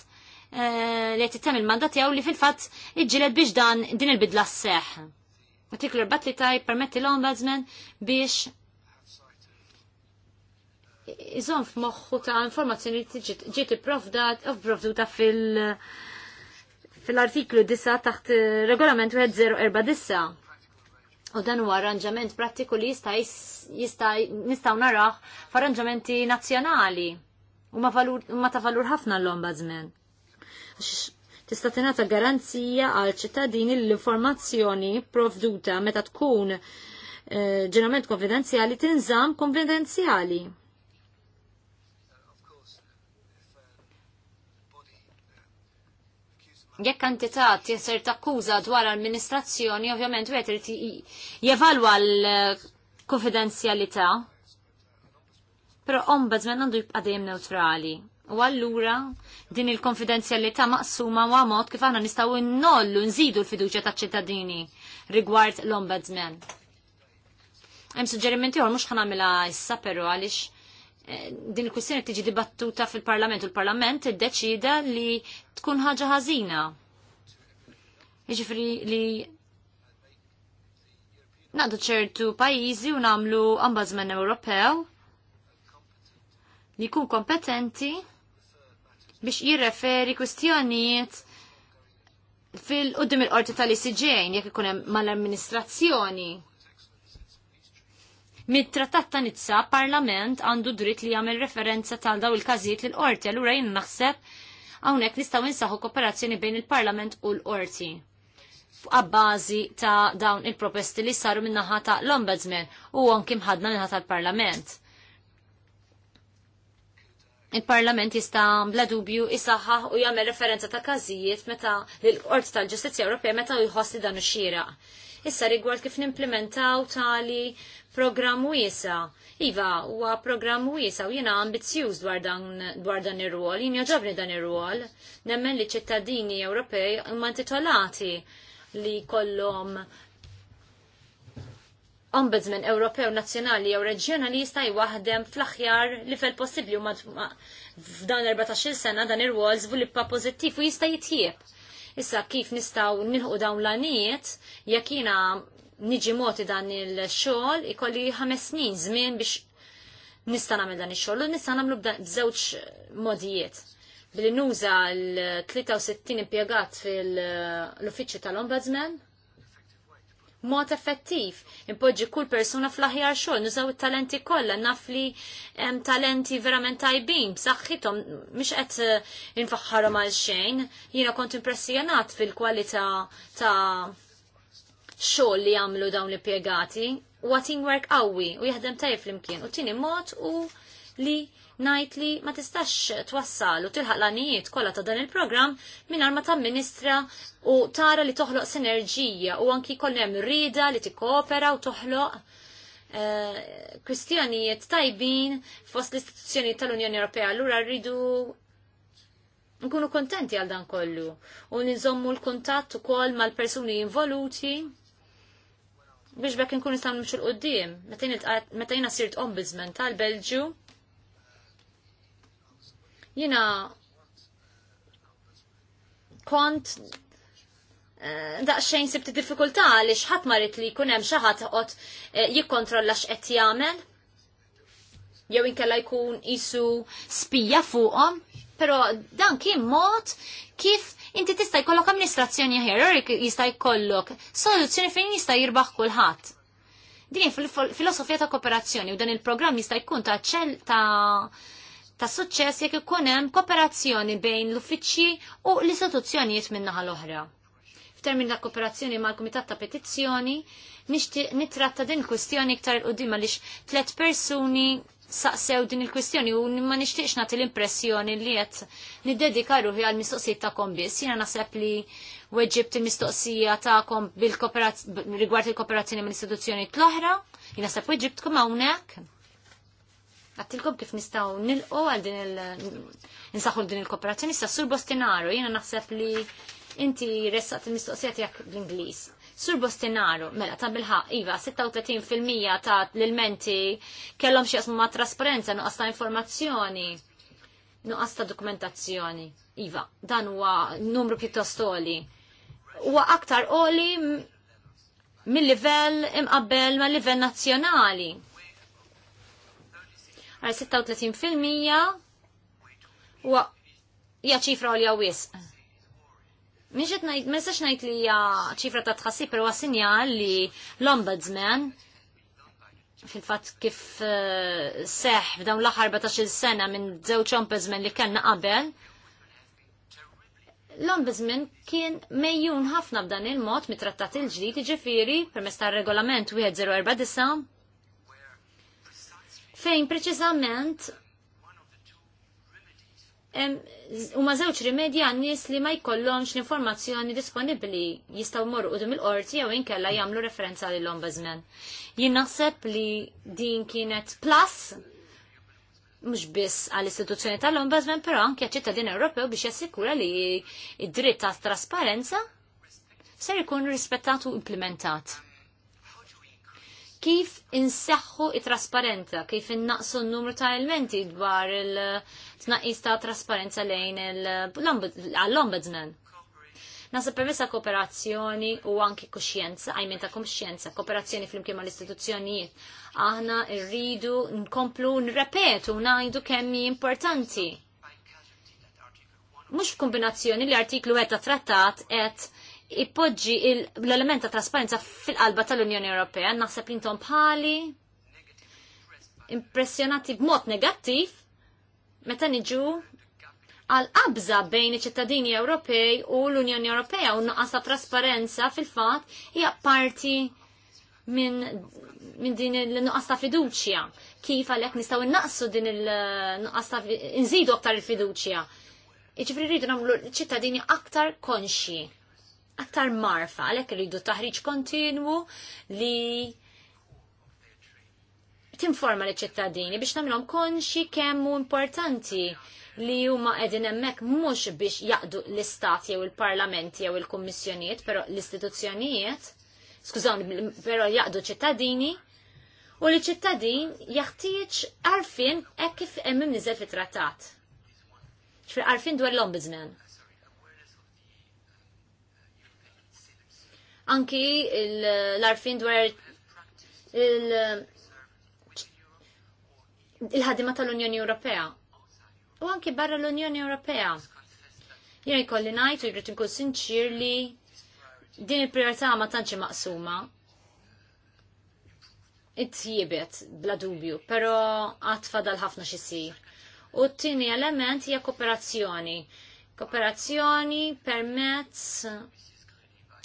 eh, li qed tittem il-mandat jew li fil-fatt iġġilet biex dan din il-bidla s-seħ. Artiklu 4 li taj permetti l-ombudsman biex iżom f'moħħu ta' informazzjoni li ġiet ipprovduta fil- fil-artiklu 10 taħt eh, regolament 1049. U dan huwa arranġament prattiku li jista' jista' nistgħu naraħ f'arranġamenti nazzjonali u ma ta' valur ħafna l-ombudsman. Tista' tingħata garanzija għal ċittadini l-informazzjoni provduta meta tkun eh, ġeneralment konfidenzjali tinżamm konfidenzjali. jekk kantità tisir takkuża dwar l-amministrazzjoni, ovvjament wieħed irid jevalwa l-konfidenzjalità. Però ombudsman għandu jibqa' dejjem neutrali. U allura din il-konfidenzjalità maqsuma u mod kif aħna nistgħu innollu nżidu l-fiduċja taċ-ċittadini rigward l-ombudsman. Hemm suġġerimenti ieħor mhux ħanamilha issa però għaliex din il-kwistjoni tiġi dibattuta fil-Parlament u l-Parlament iddeċida li tkun ħaġa ħażina. Jiġifieri li naqdu ċertu pajjiżi u nagħmlu ambazmen Ewropew li jkun kompetenti biex jirreferi kwistjonijiet fil-qoddim il-qorti tal-ICJ jekk ikun hemm mal-amministrazzjoni Mit-trattat ta' Nizza, Parlament għandu dritt li jagħmel referenza tal daw il-każijiet lil qorti allura jien naħseb hawnhekk nistgħu insaħħu kooperazzjoni bejn il-Parlament u l-qorti għabbażi ta' dawn il-proposti li saru minnaħata l-Ombudsman u anki ħadna minnaħata tal-Parlament il-Parlament jista' bla dubju isaħħaħ u jagħmel referenza ta' każijiet meta l-Qorti tal-Ġustizzja Ewropea meta jħossi dan ix xira Issa rigward kif nimplementaw tali programm wiesa. Iva, huwa programm wiesa u jiena ambizzjuż dwar dan ir-rwol, jien jogħġobni dan ir-rwol, nemmen li ċittadini Ewropej huma intitolati li kollom ombudsman Ewropew nazzjonali jew reġjonali jista' jwaħdem fl-aħjar livell possibbli u f'dawn 14-il sena dan ir-rwol żviluppa pożittiv u jista' jitjieb. Issa kif nistgħu nilħu dawn l-għanijiet jekk jiena niġi moti dan il-xogħol ikolli ħames snin żmien biex nista' nagħmel dan ix-xogħol u nista' nagħmlu b'żewġ modijiet billi nuża l-63 impjegat fil-uffiċċju tal-Ombudsman mod effettiv. Impoġġi kull persuna fl-aħjar xogħol, nużaw it-talenti kollha, naf li hemm talenti verament tajbin, b'saħħithom mhux qed eh, infaħħarhom għal xejn. Jiena kont impressjonat fil-kwalità ta' xogħol li jagħmlu dawn l-impjegati. Huwa work qawwi u jaħdem tajjeb flimkien u tieni mod u li najt li ma tistax twassal u tilħaq l-anijiet kollha ta' dan il-programm mingħajr ma Ministra u tara li toħloq sinerġija u anki kollem rida li t-koopera u toħloq eh, kristjonijiet uh, tajbin fost l istituzjoni tal-Unjoni Ewropea. Allura rridu nkunu kontenti għal dan kollu u nizommu l-kuntatt ukoll mal-persuni involuti biex bekk nkun nistgħu nimxu l qoddim Meta jiena sirt ombudsman tal-Belġju, Jina kont eh, daqxejn sibti diffikultà għaliex ħadd marit li jkun hemm xi ħadd qod eh, jikkontrolla x'qed jagħmel. Jew inkella jkun isu spija fuqhom, però dan kien mod kif inti tista' jkollok amministrazzjoni ħjar, jista' jkollok soluzzjoni fejn jista' jirbaħ kulħadd. Din fil-filosofija ta' kooperazzjoni u dan il-programm jista' jkun ta' ċell ta' ta' suċċess jekk ikun hemm kooperazzjoni bejn l-uffiċċji u l-istituzzjonijiet min-naħa l-oħra. F'termin ta' kooperazzjoni mal-Kumitat ta' Petizzjoni, nixtieq nitratta din il-kwistjoni iktar il-qudiem għaliex tliet persuni saqsew din il-kwistjoni u ma nixtieqx nagħti l-impressjoni li qed niddedika ruħi għal mistoqsijiet tagħkom biss. Jiena naħseb li weġġibt il-mistoqsija tagħkom rigward il-kooperazzjoni mill-istituzzjoni l-oħra, jiena naħseb weġġibtkom hawnhekk għattilkom kif nistaw nilqo għal din il- nsaħu din il-kooperazzjoni sa' Sur Bostinaro, jena naħseb li inti ressaqt il-mistoqsija tijak l inglis Sur Bostinaro, mela ta' bilħa, Iva, 36% ta' l kellom xie xi ma' trasparenza, nuqqas ta' informazzjoni, nuqqas ta' dokumentazzjoni. Iva, dan huwa numru pjuttost oli. Huwa aktar oli mill-livell imqabbel mal-livell nazzjonali għal 36% u hija ċifra għolja wisq. Miex ngħid li hija ċifra ta' tħassib però sinjal li l-Ombudsman fil-fatt kif eh, seħ f'dawn l-aħħar 14-il sena minn żewġ ombudsman li kellna qabel, l-ombudsman kien mejjun ħafna b'dan il-mod mitrattat il-ġdid, ġifiri, permess tar regolament 1049 fejn preċiżament u ma zewċ rimedji għannis li ma jkollomx l-informazzjoni disponibli jistaw u dim il-qorti jew inkella jagħmlu referenza lill l Jien naħseb li din kienet plus mhux biss għall-istituzzjoni tal ombazmen però anke ċittadin Ewropew biex jassikura li id-dritt ta' trasparenza ser ikun rispettat u implementat kif inseħħu it-trasparenza, kif innaqsu n-numru ta' elementi dwar il-tnaqis ta' trasparenza lejn l-ombudsman. Nasa permessa kooperazzjoni u anki kuxjenza, għajmen ta' kuxjenza, kooperazzjoni fl-imkien mal-istituzzjonijiet. Aħna rridu nkomplu n-repetu najdu kemmi importanti. Mux f'kombinazzjoni li artiklu għetta trattat għet ipoġġi l-element ta' trasparenza fil-qalba tal-Unjoni Ewropea, naħseb li intom bħali impressjonati b'mod negattiv meta niġu għal qabża bejn iċ-ċittadini Ewropej u l-Unjoni Ewropea u nuqqas ta' trasparenza fil-fatt hija parti minn min din il-nuqqas ta' fiduċja. Kif għalhekk nistgħu innaqsu din il-nuqqas ta' nżidu aktar il-fiduċja. Iġifri rridu nagħmlu ċittadini aktar konxji aktar marfa, għalhekk rridu taħriġ kontinwu li tinforma li ċittadini biex namlhom konxi kemm importanti li huma qegħdin hemmhekk mhux biex jaqdu l-istat jew il-parlament jew il-kummissjonijiet, però l-istituzzjonijiet, skużawni, però jaqdu ċittadini u li ċittadin jaħtieġ għarfien hekk kif hemm imniżel fit-trattat. Xfir arfin dwar l-ombudsman. anki l-arfin dwar il-ħadima tal-Unjoni Ewropea. U anki barra l-Unjoni Ewropea. Jena jkolli najt u jgħrit nkun sinċir li din il-priorità ma tantx maqsuma. It-tjibet, bla dubju, pero għatfa dal-ħafna xisir. U t-tini element hija kooperazzjoni. Kooperazzjoni permezz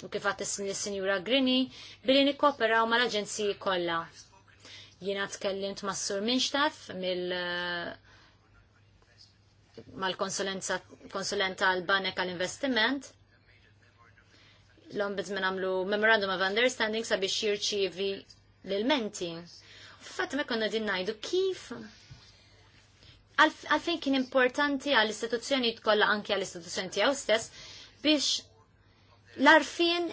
u kif għat il-Sinjura Grini billi nikkooperaw mal aġenziji kollha. Jiena tkellimt ma' Sur Minxtaf mill eh, mal-konsulenta għal-banek għal-investiment. L-ombudsman għamlu Memorandum of Understanding sabiex jirċievi l-menti. Fatt me konna din najdu kif għalfejn kien importanti għall-istituzzjoni tkollha anke għall-istituzzjoni tijaw stess biex l-arfin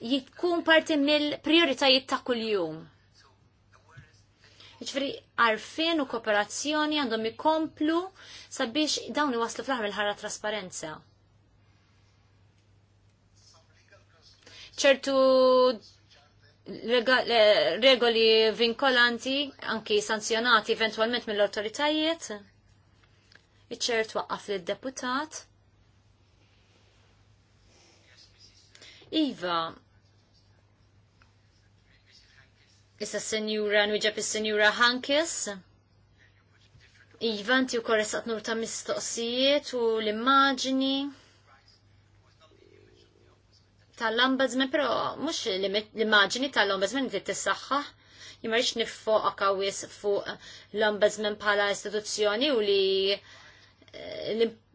jikun parti mill-prioritajiet ta' kuljum. Ġifri, arfin u kooperazzjoni għandhom ikomplu sabiex dawn iwaslu fl-ħar mill-ħarra trasparenza. ċertu regoli vinkolanti, anki sanzjonati eventualment mill-autoritajiet. iċertu waqqaf li deputat Iva, Issa senjura nujġab il senjura Hankes? Iva, nti u korresat nur ta' mistoqsijiet u l immagini tal-ombudsman, pero mux l-immaġini tal-ombudsman inti t-tissaxħa. Jimarix niffoqa kawis fuq l-ombudsman bħala istituzzjoni u li eh, l-impost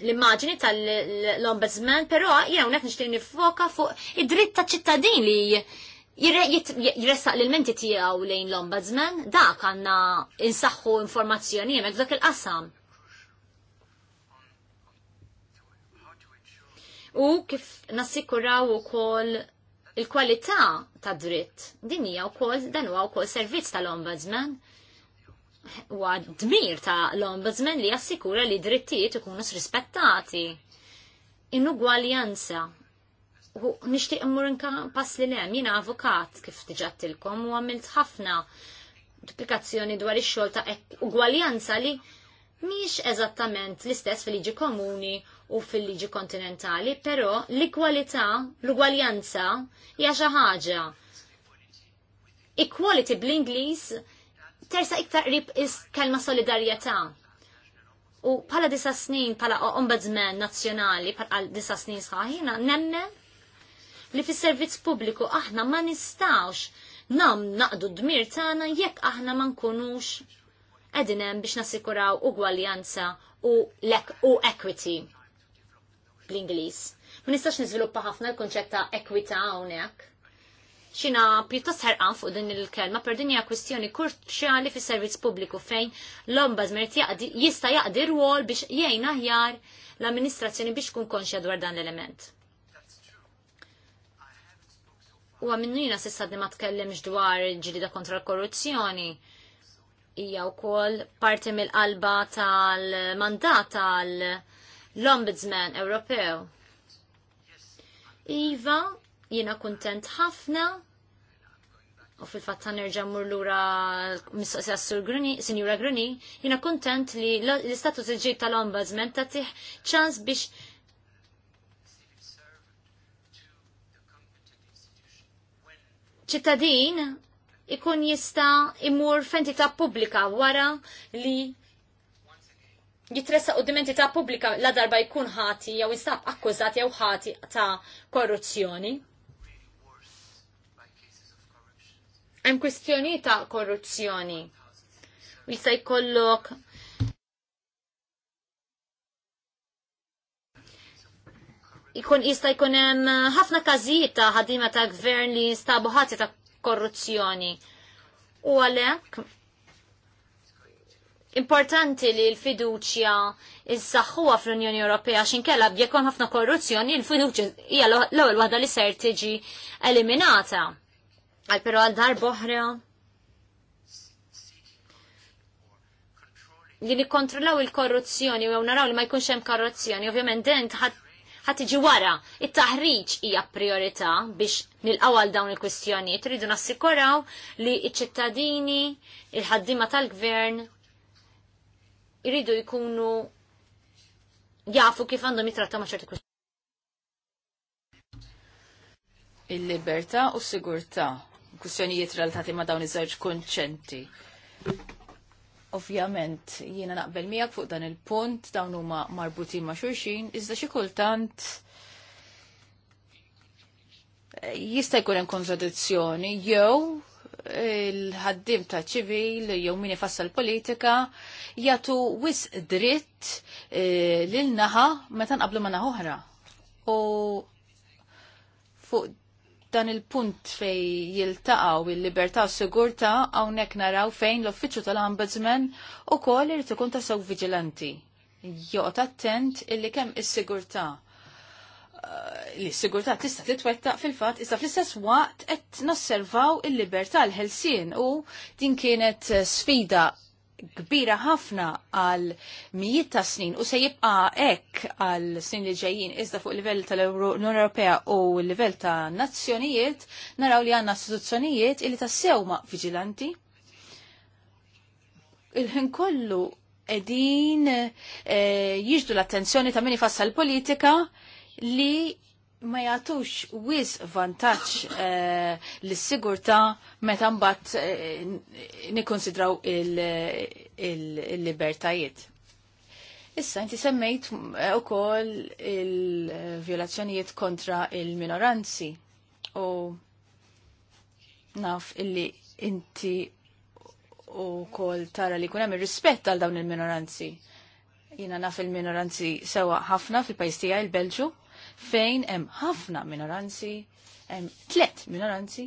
l immagini tal-ombudsman, però jena unek nishtin nifoka fuq id-dritt ta' ċittadin li jirressaq l-menti tijaw lejn l-ombudsman, dak għanna insaxħu informazzjoni jemek dak il-qasam. U kif nassikuraw u kol il-kwalità ta' dritt, din hija wkoll dan huwa wkoll servizz tal-ombudsman huwa dmir ta' l-ombudsman li jassikura li drittijiet ikunu srispettati. Inugwaljanza. U nixtieq immur pass li lem, jina avukat kif tiġattilkom u għamilt ħafna duplikazzjoni dwar ix-xogħol ta' ugwaljanza li mhix eżattament l-istess fil-liġi komuni u fil-liġi kontinentali, però l-ikwalità, l-ugwaljanza hija xi ħaġa. Equality bl-Ingliż tersa iktar qrib is kelma solidarjetà. U pala disa snin, pala ombudsman nazzjonali, pala disa snin sħaħina, nemmen li fis servizz pubbliku aħna ma nistawx nam naqdu d-dmir tagħna jekk aħna ma nkunux edinem hemm biex nassikuraw ugwaljanza u lek u equity bl-Ingliż. Ma nistax niżviluppa ħafna l konċetta ta' equita hawnhekk xina pjuttost ħarqan fuq din il-kelma per din hija kwistjoni kurċjali fis servizz pubbliku fejn l-ombudsman jista' jaqdi rwol biex jgħin aħjar l-amministrazzjoni biex tkun konxja dwar dan l-element. U minnu jina sissa di ma tkellimx dwar ġilida kontra l-korruzzjoni hija wkoll parti mill-qalba tal-mandat tal-Ombudsman Ewropew. Iva, Jiena kuntent ħafna u fil-fatt nerġa' mmur lura mistoqsija Sinjura Gruni, jiena kuntent li l-istatus il-ġid tal-Ombudsman ta' tiħ ċans biex ċittadin ikun jista imur f'entità pubblika wara li jitressa u entità pubblika la darba jkun ħati jew jistab akkużat jew ħati ta' korruzzjoni. Hemm kwistjoni ta' korruzzjoni. U jista' jkollok Ikun jista' jkun hemm ħafna każijiet ta' ħadima ta' gvern li jinstabu ħati ta' korruzzjoni. U għalhekk importanti li l-fiduċja issaħħuha fl-Unjoni Ewropea x'inkella b'jekk hemm ħafna korruzzjoni, l-fiduċja hija l-ewwel waħda li ser tiġi eliminata. Għal pero għal dar boħra li nikkontrollaw il-korruzzjoni u naraw li ma jkunx hemm korruzzjoni, ovvjament dent ħadd iġi wara. It-taħriġ hija priorità biex nilqgħu għal dawn il kwistjoni Iridu nassikuraw li ċ-ċittadini, il ħaddima tal-gvern iridu jkunu jafu kif għandhom jitrattaw ma' ċerti kwistjoni. Il-libertà u s-sigurtà kwistjonijiet relatati ma' dawn iż-żewġ konċenti. Ovvjament, jiena naqbel miegħek fuq dan il-punt, dawn huma marbutin ma' xulxin, iżda xi kultant jista' jkun hemm kontradizzjoni jew il-ħaddim ta' ċivil jew min ifassal politika jagħtu wis dritt e, lil naħa meta nqablu ma' oħra. U fuq dan il-punt fej jiltaqaw il-libertà u sigurtà hawnhekk naraw fejn l-uffiċċju tal-Ombudsman ukoll irid ikun ta' sew viġilanti. Joqgħod attent illi kemm is-sigurtà eh, li s-sigurtà tista' titwettaq fil-fatt iżda fl-istess waqt qed nosservaw il-libertà l-ħelsien u din kienet sfida kbira ħafna għal mijiet ta' snin u se jibqa' hekk għal snin li ġejjin iżda fuq livell tal-Unjoni Ewropea u livell ta' nazzjonijiet naraw li għandna istituzzjonijiet li tassew ma' viġilanti. Il-ħin kollu edin e, eh, jiġdu l-attenzjoni ta' min ifassal politika li ma jagħtux wis vantaġġ eh, l sigurta sigurtà meta mbagħad eh, il-libertajiet. Issa inti semmejt eh, ukoll il-vjolazzjonijiet kontra il-minoranzi u naf illi inti u kol tara li kunem il-rispett għal dawn il-minoranzi. Jina naf il-minoranzi sewa ħafna fil-pajstija il-Belġu, fejn hemm ħafna minoranzi, hemm tlet minoranzi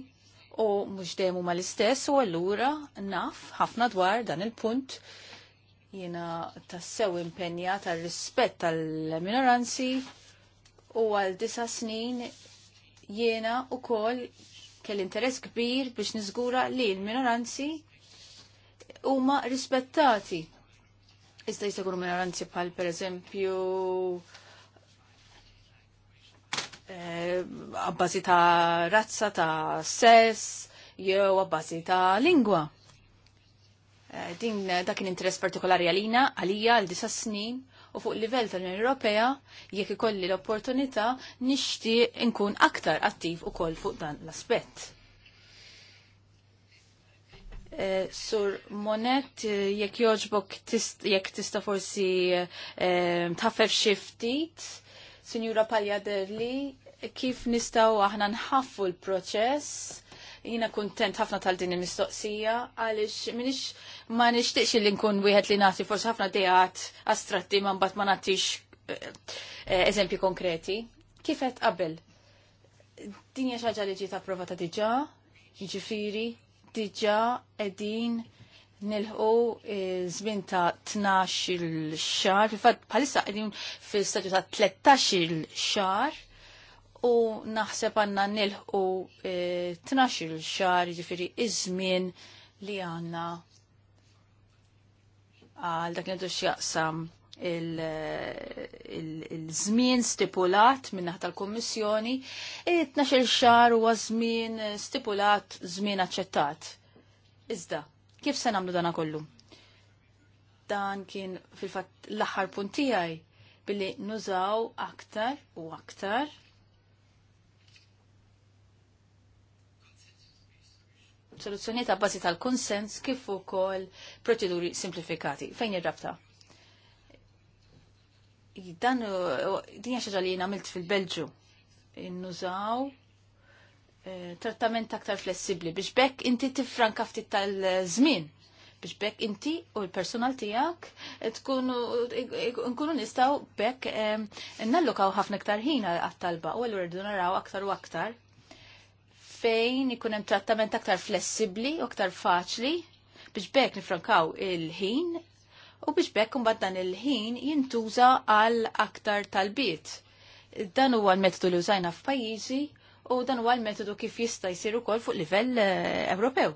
u mhux dejjem huma l-istess u allura naf ħafna dwar dan il-punt jiena tassew impenja tal-rispett tal-minoranzi u għal disa snin jiena u kol kell interess kbir biex nizgura li l-minoranzi huma rispettati. Iżda jistakunu minoranzi bħal per eżempju għabbażi eh, ta' razza, ta' sess, jew għabbażi ta' lingwa. Eh, din dakin interess partikolari għalina, għalija għal disa snin u fuq livell tal-Unjoni Ewropea jekk ikolli l-opportunità nixtieq inkun aktar attiv ukoll fuq dan l-aspett. Eh, Sur Monet, jekk joġbok jekk tista forsi tħaffef xi ftit Sinjura Derli, kif nistaw aħna nħaffu l-proċess? Jina kontent ħafna tal din il-mistoqsija, għalix minix ma nishtiqx li nkun wieħed li nati forse ħafna dejat astratti man bat ma natix eh, eh, eżempji konkreti. Kif qed qabel? Dinja xaġa li ġiet approvata diġa, ġifiri, diġa edin nilħu eh, żmien ta' 12 il-xar, fil-fatt bħalissa għedin fil-stadju ta' 13 il-xar u naħseb għandna nilħu 12 eh, il-xar, jiġifieri iż-żmien li għandna għal dak li jaqsam il-żmien stipulat minna naħta l-Kommissjoni, 12 xar huwa żmien stipulat żmien aċċettat. Iżda, Kif se nagħmlu dana kollu? Dan kien fil-fatt l-aħħar punt tiegħi billi nużaw aktar u aktar soluzzjonijiet ta' bażi tal-konsens kif ukoll proċeduri simplifikati. Fejn ir-rabta? Dan din xi ħaġa li għamilt fil-Belġu. Innużaw trattament aktar flessibli biex bekk inti tifranka ftit tal-żmien biex bekk inti u l-personal tijak nkunu nistaw bekk nallokaw ħafna ktar ħin għat-talba u l naraw aktar u aktar fejn ikun hemm trattament aktar flessibli u aktar faċli biex bekk nifrankaw il-ħin u biex bekk imbagħad dan il-ħin jintuża għal aktar talbiet. Dan huwa l-metodu li użajna f'pajjiżi u dan huwa l-metodu kif jista' jsir ukoll fuq livell eh, Ewropew.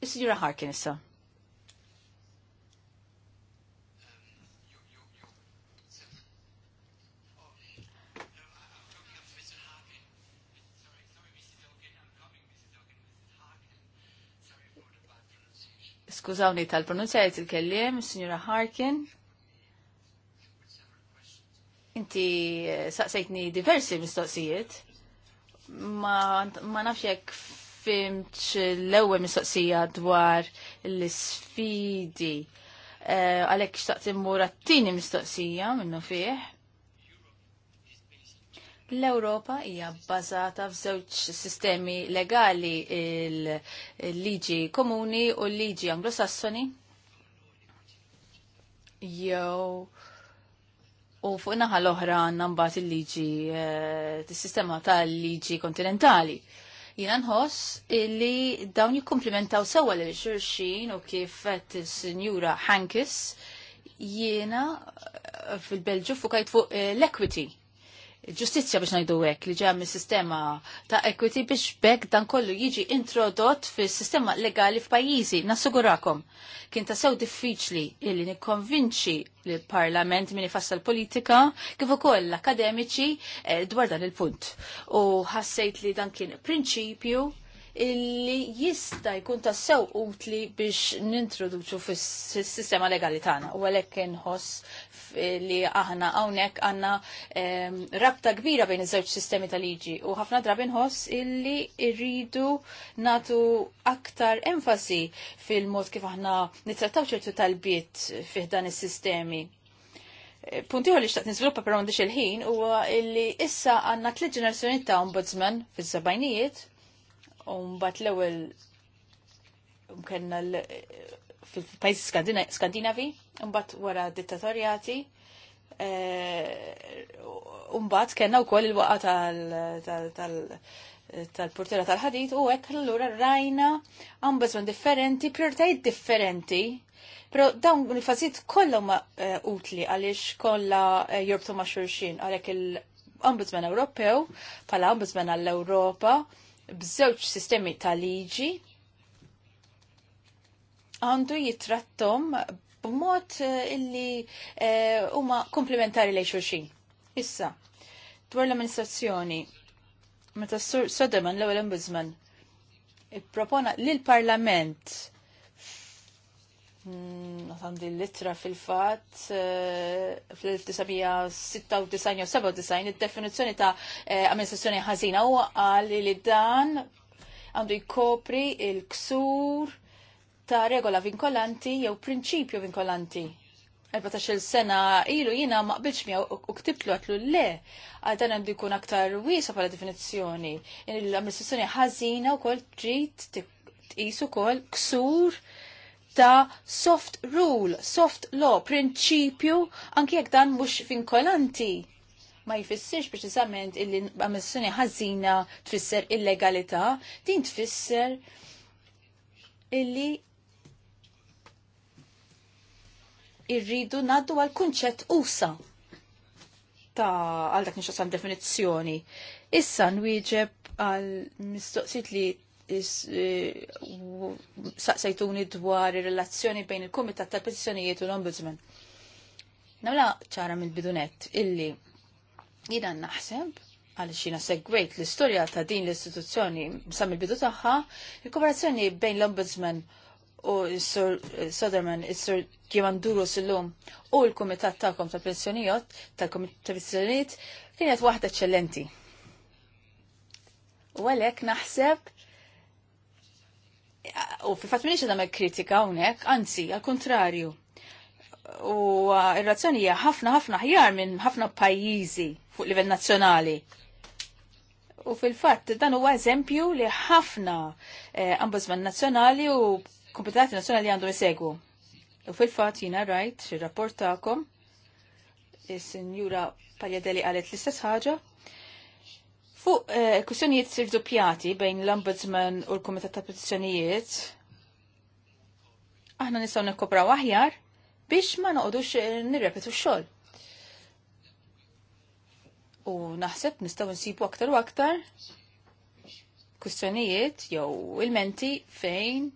Is-Sinjura Harkin issa. Skużawni tal-pronunzjajt il-kellim, Sinjura Harkin. Inti eh, saqsejtni diversi mistoqsijiet. Ma, ma nafx jekk fimx l-ewwel mistoqsija dwar l-sfidi. Eh, għalhekk xtaqt immur għat tini mistoqsija minnu fih. L-Ewropa hija bbażata f'żewġ sistemi legali il-liġi komuni u l-liġi anglosassoni jew U fuq naħa l-oħra għanna il-liġi eh, il sistema tal-liġi kontinentali. Jiena nħoss li dawn jikkumplimentaw sewwa lil xulxin u kif qed is-Sinjura Hankis jiena eh, fil-Belġu fukajt fuq eh, l-equity ġustizja biex najdu hekk li ġem il sistema ta' equity biex bekk dan kollu jiġi introdott fis-sistema legali f'pajjiżi. Nassugurakom, kien ta' sew diffiċli illi nikkonvinċi l-Parlament min ifassal politika kif ukoll l-akademiċi eh, dwar dan il-punt. U ħassejt li dan kien prinċipju illi jista jkun tassew utli biex nintroduċu fis-sistema legali tagħna u għalhekk inħoss li aħna hawnhekk għandna ehm, rabta kbira bejn iż-żewġ sistemi tal-liġi u ħafna drabi nħoss illi rridu natu aktar enfasi fil-mod kif aħna nittrattaw ċertu talbiet fih dan is-sistemi eh, punti li xtaqt nizviluppa per għandix il-ħin u illi issa għanna tliet ġenerazzjoni ta' ombudsman fil-sebajnijiet u mbagħad l-ewwel kellna fil-pajjiżi Skandinavi, mbagħad wara dittatorjati, Umbat eh, kena u koll il-waqa tal-portira tal-ħadit u hekk l-lura rajna ambazman differenti, prioritajt differenti. Pero dawn il-fazit kollha ma eh, utli għaliex kollha eh, jorbtu ma' xurxin għalhekk il-Ombudsman Ewropew bħala Ombudsman għall-Ewropa b'żewġ sistemi ta' liġi għandu jitrattom b'mod eh, illi eh, huma uh, komplementari lejn xulxin. Issa, dwar l-amministrazzjoni, meta s-sur Sodeman l-ewwel ombudsman, ippropona l parlament Nafam l litra fil-fat, eh, fl-1996 u 97 id-definizjoni ta' eh, amministrazzjoni ħażina u għal li dan għandu jkopri il-ksur ta' regola vinkolanti jew prinċipju vinkolanti. 14 sena ilu jina ma qbilx miegħu u ktiplu għatlu le, għal dan għandu jkun aktar wiesa bħala definizzjoni. L-amministrazzjoni ħażina wkoll trid tqisu kol ksur ta' soft rule, soft law, prinċipju, anki jekk dan mhux vinkolanti ma jfissirx preċisament illi ammissjoni ħażina tfisser illegalità, din tfisser illi irridu naddu għal kunċett usa ta' għal dak nixħasam definizjoni. Issa nwieġeb għal mistoqsit li E, saqsajtuni dwar ir-relazzjoni bejn il-Kumitat tal-Petizzjonijiet u l-Ombudsman. Nawla ċara mill bidunet illi jina naħseb għal xina segwejt l-istorja ta' din l-istituzzjoni sam il-bidu tagħha, il-kooperazzjoni bejn l-Ombudsman u s-Sur e, Soderman, s-Sur Gimanduru s-lum u l-Kumitat ta'kom tal Petizzjonijiet tal-Kumitat Petizzjonijiet kienet waħda eċċellenti. U għalek naħseb u fil-fat minix għadam kritika unek, anzi, għal kontrarju. U uh, il razzjoni hija ħafna ħafna ħjar minn ħafna pajjiżi fuq livell nazzjonali. U fil-fatt dan huwa eżempju li ħafna ambazman eh, ambasman nazzjonali u kompetenti nazzjonali għandhom isegwu. U fil-fatt jina rajt xi rapportakom is-Sinjura Pagliadelli qalet l-istess ħaġa Fuq eh, kwestjonijiet sirdupjati bejn l-Ombudsman u l-Kumitat ta' Petizzjonijiet, aħna nistgħu nikkopraw aħjar biex ma noqogħdux eh, nirrepetu x-xogħol. U naħseb nistgħu nsibu aktar u aktar kwistjonijiet jew il-menti fejn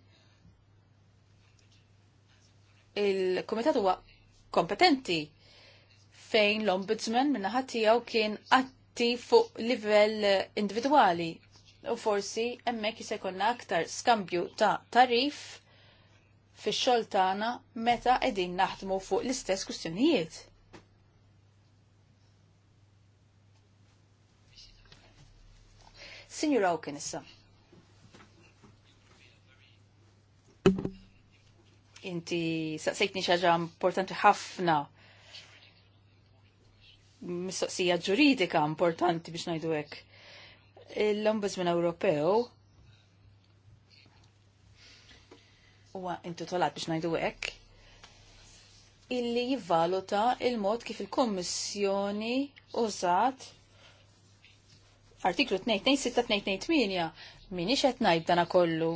il-Kumitat huwa kompetenti fejn l-Ombudsman minn tiegħu kien qatt ti fuq livell eh, individuali. u forsi hemmhekk se jkollna aktar skambju ta' tarif fix-xogħol tagħna meta qegħdin naħdmu fuq l-istess kwistjonijiet. Signor Hawken issa. Inti saqsejtni xaġa importanti ħafna mistoqsija ġuridika importanti biex najdu hekk. L-Ombudsman Ewropew huwa intitolat biex najdu hekk illi jivvaluta il-mod kif il-Kommissjoni użat artiklu 226-228 minix qed ngħid dana kollu.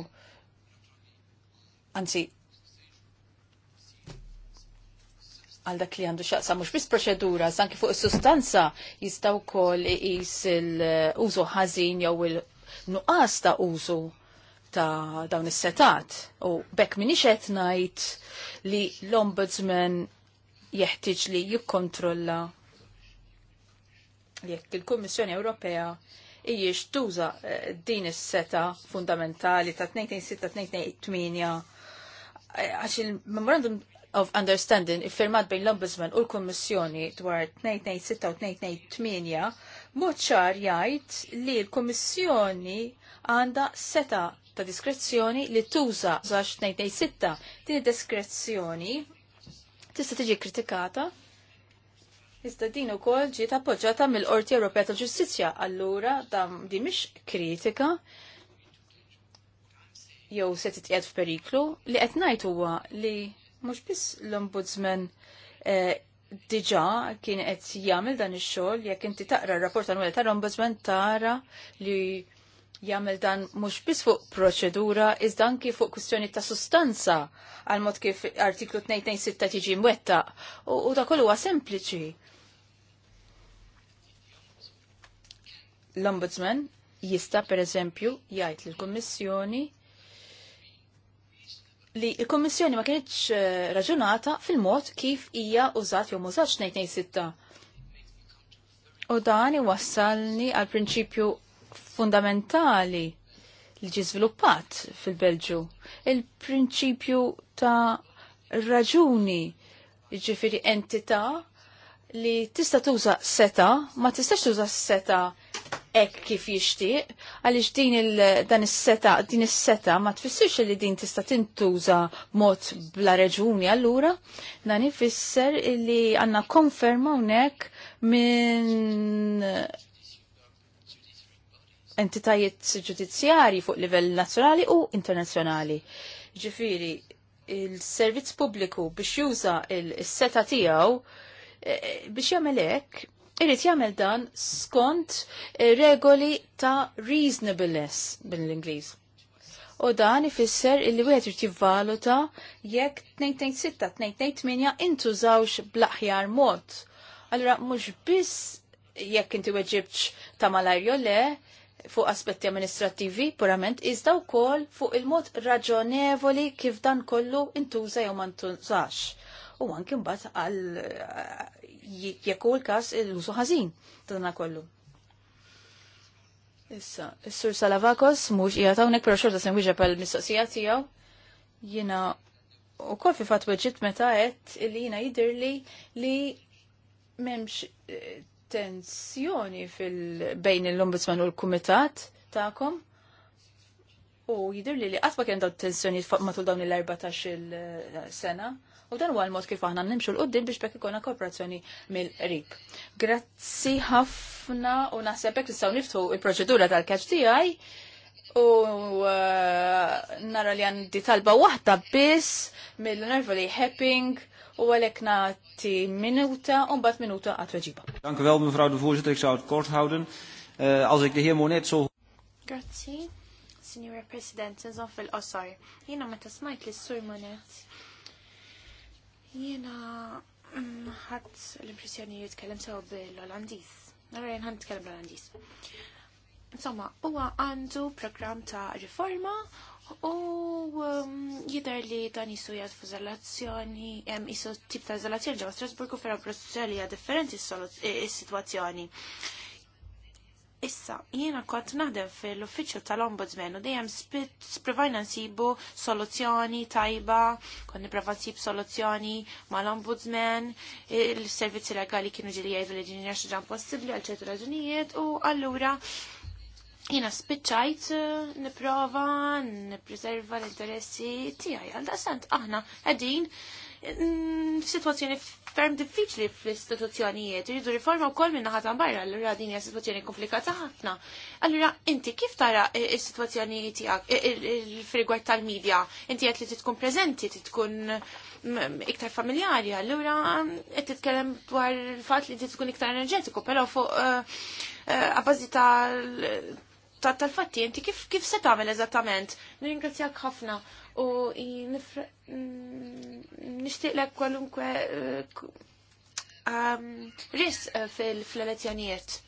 Anzi, għal dak li għandu xaqsa mux bis proċedura, sanki fuq il-sustanza jistaw kol jis il-użu ħazin jew il-nuqqas ta' użu ta' dawn is-setat. U bekk minix qed ngħid li l-ombudsman jeħtieġ li jikkontrolla jekk il-Kummissjoni Ewropea hijiex tuża din is-seta fundamentali ta' ta' 2008 għax il-memorandum of Understanding iffirmat bejn l-Ombudsman u l-Kommissjoni dwar 226 u 228 mod ċar jgħid li l-Kommissjoni għandha seta ta' diskrezzjoni li tuża żax 226 din id-diskrezzjoni tista' tiġi kritikata Iżda din ukoll ġiet appoġġjata mill-Qorti Ewropea tal-Ġustizzja, allura dam di mhix kritika jew se titqiegħed f'periklu li qed ngħid huwa li mhux biss l-Ombudsman eh, diġa kien qed jagħmel dan ix-xogħol jekk inti taqra r-rapport annwali tal-Ombudsman tara li jagħmel dan mhux biss fuq proċedura iżda anki fuq kwistjoni ta' sustanza għal mod kif artiklu 226 tiġi mwettaq u, u kollu huwa sempliċi. L-Ombudsman jista' pereżempju jgħid lill-Kummissjoni li il-Kommissjoni ma kienx eh, raġunata fil-mod kif hija użat jew mużax ngħid sitta. U dan iwassalni għal prinċipju fundamentali li ġi żviluppat fil-Belġu. Il-prinċipju ta' raġuni ġifiri entità li tista' tuża seta, ma tistax tuża seta' ek kif jixtieq, għaliex din il, dan is-seta, din is-seta ma tfissirx li din tista' tintuża mod bla reġuni allura, dan ifisser li għandna konferma hawnhekk minn entitajiet ġudizzjari fuq livell nazzjonali u internazzjonali. Ġifiri, il-servizz pubbliku biex juża il-seta tiegħu eh, biex jagħmel hekk irrit jagħmel dan skont regoli ta' reasonableness bil-Ingliż. U dan ifisser illi wieħed irid jivvaluta jekk 226-228 intużawx bl-aħjar mod. Allura mhux biss jekk inti weġibx ta' malajr le, fuq aspetti amministrativi purament iżda wkoll fuq il-mod raġonevoli kif dan kollu intuża jew ma ntużax. U anki mbagħad għal jekku l-kas il lusu ħażin ta' dan kollu. Issa, s-sur Salavakos mux jgħatawnek pero xorta sen wieġa pal-mistoqsija tijaw. Jina u kol fi fatwa ġit meta għet li jina jidir li memx eh, tensjoni fil-bejn l-ombudsman u l-kumitat ta'kom. U jidir li għatba kien daw tensjoni matul dawn il-14 eh, sena. U dan huwa l-mod kif aħna nimxu l-qoddim biex bekk ikolna kooperazzjoni mill-rib. Grazzi ħafna u naħseb hekk nistgħu niftu il-proċedura tal-catch tiegħi u uh, nara li għandi talba waħda biss mill-nervoli Hepping u għalek nati minuta un bat minuta għatweġiba. Danke wel, mevrouw de voorzitter, ik zou het kort houden. Eh, als ik de heer Monet zo... Grazie, signora President, nżon fil-qosor. Oh, Jina ma tasmajt li s-sur Monet Jena mm, ħadd l-impressjoni li jitkellem sew bil-Olandiż. Nara jien ħadd nitkellem bil olandiż Insomma, huwa għandu programm ta' riforma U mm, jidher li dan jisu jgħad hemm isu tip ta' izolazzjoni ġewwa Strasburgu ferra Brussell hija differenti eh, s-situazzjoni. Issa, jiena kont naħdem fil-uffiċċju tal-Ombudsman u dejjem sprovajna nsibu soluzzjoni tajba, kont nipprova nsib soluzzjoni mal-Ombudsman, il-servizzi legali kienu ġili jgħidu li ġinja xi possibbli għal ċertu raġunijiet u allura jiena spiċċajt niprofa, nipreserva l-interessi tijaj. Għal-dasant, aħna għedin Mm, situazzjoni ferm diffiċli fl-istituzzjonijiet, jridu riforma u kol minna ħatan barra, allura din hija situazzjoni komplikata ħafna. Allura, inti kif tara il-situazzjoni tijak, il-frigwar tal-medja, inti għat li titkun prezenti, titkun mm, iktar familjari, allura mm, qed titkellem dwar il-fatt li tkun iktar enerġetiku, però fuq għabazita eh, eh, tal-fatti inti kif kif se tagħmel eżattament. Nirringrazzjak ħafna u nishtiq mm, nishtiqlek kwalunkwe eh, um, ris eh, fil-elezzjonijiet.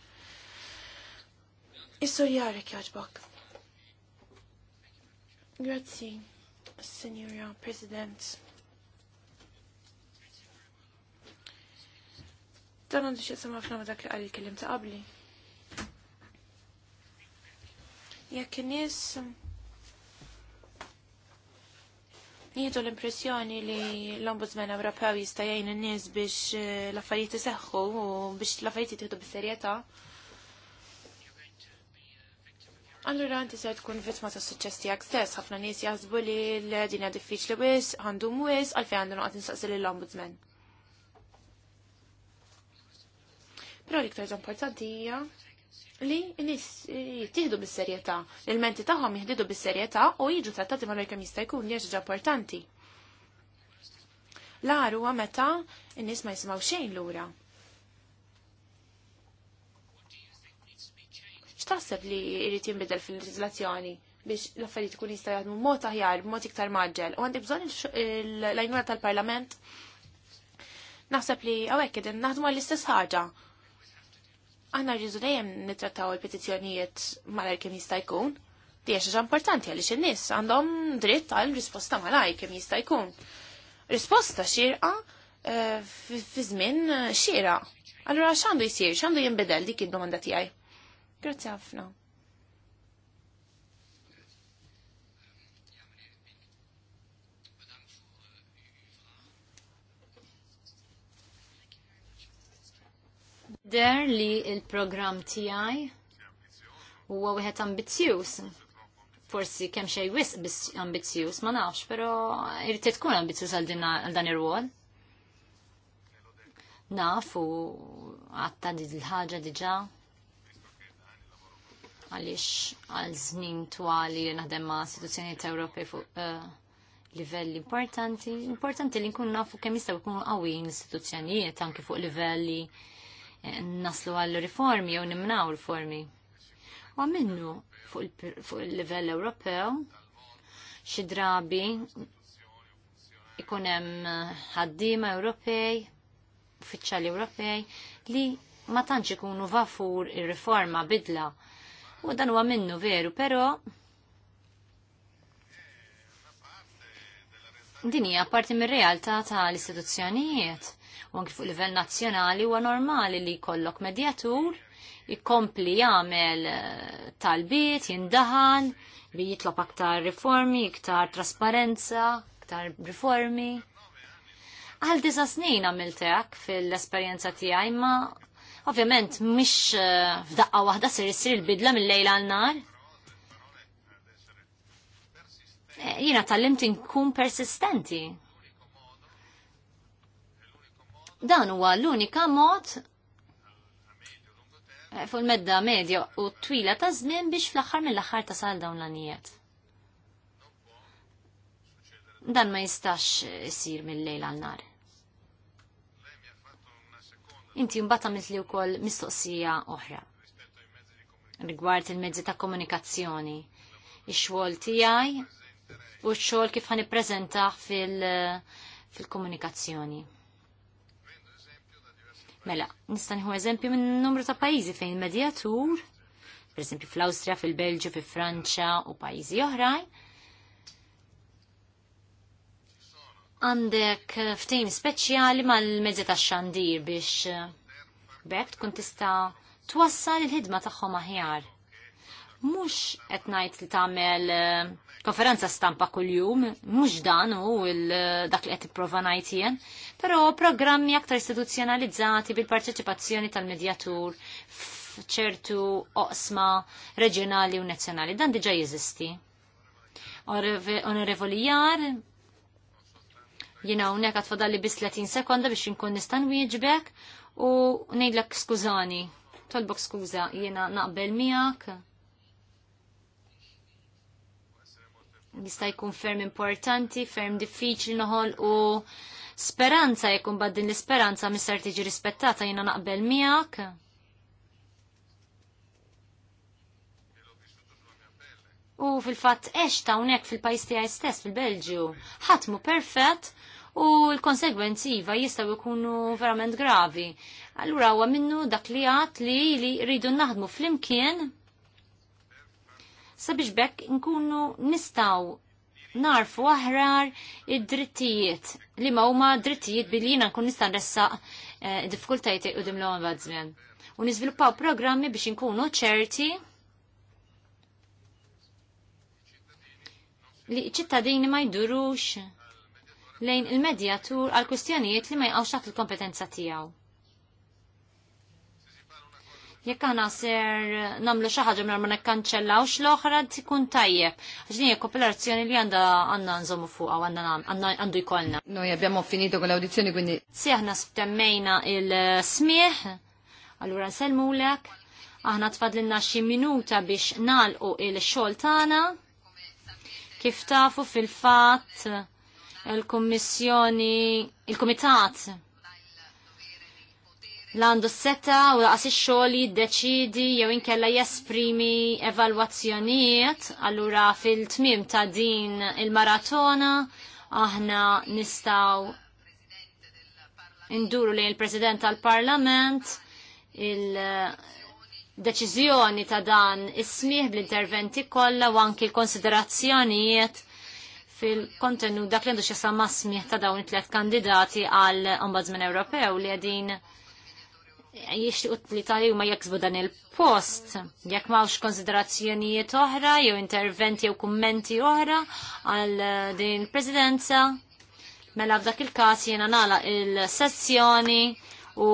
Is-sur jarek jaġbok. Grazzi, Signora President. Dan għandu xie sama f'na dak li għalli kellim ta' qabli. Jekk nis. Um, Nieħdu l-impressjoni li l-Ombudsman Ewropew jista' jgħin nis nies biex eh, l-affarijiet iseħħu u biex l-affarijiet jittieħdu bis-serjetà. Allura inti se tkun vittma ta' suċċess tiegħek stess, ħafna nies jaħsbu li l-dinja diffiċli wis, għandhom mwis, għalfejn għandu noqgħod nistaqsi lill-Ombudsman. Però l-iktar importanti hija li nis eh, jittihdu bis-serjetà, il-menti tagħhom jihdidu bis-serjetà u jiġu trattati ma kemm jista' jkun li ħaġa importanti. L-għar huwa meta n-nies ma jisimgħu xejn lura. X'taħseb li jrid jinbidel fil-leġiżlazzjoni biex l-affarijiet ikun jista' jaħdmu mod aħjar, mod iktar maġġel, u għandek bżonn l-għajnuna tal-Parlament. Naħseb li hawnhekk qegħdin naħdmu għall-istess ħaġa Għanna rridu dejjem nitrattaw il-petizzjonijiet malar kemm jista' jkun. Di xaġa importanti għaliex in-nies għandhom dritt għal risposta malaj kemm jista' jkun. Risposta xirqa eh, fi żmien eh, xira. Allura x'għandu jsir, x'għandu jinbidel dik id-domanda tiegħi. Grazzi ħafna. Der li il-programm tiegħi huwa wieħed ambizjus. Forsi kemm xejn wisq ambizjus, ma nafx, però irritet tkun ambizjus għal dan ir wol Naf u għatta di l-ħaġa diġa' għaliex għal żmien twali naħdem ma' istituzzjonijiet Ewropej fuq eh, livelli importanti. Importanti li nkun nafu kemm jistgħu jkunu qawwi l-istituzzjonijiet anke fuq livelli naslu għall riformi jew nimnaw riformi. U għamennu fuq il-livell Ewropew xi drabi ikun hemm eh, ħaddiema Ewropej, uffiċjali Ewropej li ma tantx ikunu vafur ir-riforma bidla. U dan huwa minnu veru, però din hija parti mir-realtà tal-istituzzjonijiet u anki fuq livell nazzjonali huwa normali li jkollok medjatur jkompli jagħmel eh, talbiet, jindaħal, bi jitlob aktar riformi, iktar trasparenza, iktar riformi. Għal disa snin għamiltek fil-esperjenza tiegħi ma ovvjament mhix eh, f'daqqa waħda ser issir il-bidla mill-lejla għal nar. Eh, jina tal-limt nkun persistenti Dan huwa l-unika mod eh, fuq il-medda medja u twila ta' żmien biex fl-aħħar mill-aħħar tasal dawn l-anijiet. Dan ma jistax isir mill-lejl għal-nar. Inti mbata mitli li wkoll mistoqsija oħra rigward il-mezzi ta' komunikazzjoni, ix-xogħol tiegħi u x-xogħol kif ħani fil-komunikazzjoni. Fil Mela, nista' nieħu eżempju minn numru ta' pajjiżi fejn medjatur, per eżempju fl-Awstrija, fil-Belġju, fil-Franċa u pajjiżi oħrajn, għandek ftejn speċjali mal-mezzi ta' xandir biex eh, bekk tkun tista' twassal il-ħidma tagħhom aħjar. Mhux qed ngħid li tagħmel eh, konferenza stampa kull-jum, mux dan u dak li għet prova najtijen, pero programmi aktar istituzjonalizzati bil-parteċipazzjoni tal-medjatur f'ċertu oqsma reġjonali u nazzjonali. Dan diġa jeżisti. Onorevoli jar, jina unnek għatfadalli bis 30 sekonda biex jinkun nistan wieġbek u nejdlek skużani. Tolbok skuża, jina naqbel miegħek jista' jkun ferm importanti, ferm diffiċli noħol u speranza jekun bad din l-isperanza mister tiġi rispettata jiena naqbel miegħek. U fil-fatt eċ ta' unek fil-pajis tiegħi stess fil-Belġju. Ħatmu perfett u l-konsegwenzi iva jistgħu jkunu verament gravi. Allura huwa minnu dak li għat li li rridu naħdmu fl-imkien sabiex bekk nkunu nistaw narfu aħrar id-drittijiet li ma huma drittijiet billi jina nkun nista' nressaq id eh, diffikultajiet u dimlu għan U niżviluppaw programmi biex nkunu ċerti li ċittadini ma jdurux lejn il-medjatur għal kwistjonijiet li ma jqawx taħt il-kompetenza tiegħu. Jekk għana ser namlu xaħġa ħaġa minn ma nikkanċellawx l-oħra tkun tajjeb. Għax din hija kopulazzjoni li għandha għandna nżommu fuqha u għandu jkollna. Noi abbiamo finito con l-audizjoni quindi. Si s-temmejna il-smieħ, għallura allura nselmulek, aħna tfadlilna xie minuta biex nalqu il xol tana. kif tafu fil fat il-Kummissjoni, il komitat l-għandu s-seta u laqas xoli xogħol jiddeċidi jew inkella jesprimi evalwazzjonijiet, allura fil-tmiem ta' din il-maratona aħna nistgħu induru lejn il-President tal-Parlament il-deċiżjoni ta' dan ismih bl-interventi kollha u anki l-konsiderazzjonijiet fil-kontenu dak li għandu xi sama ta' dawn it tlet kandidati għall ombudsman Ewropew li għedin jixtiqu li tali huma jaksbu dan il-post, jekk m'hawnx konsiderazzjonijiet oħra jew interventi jew kummenti oħra għal din il-presidenza. Mela f'dak il-każ jiena nagħlaq il-sessjoni u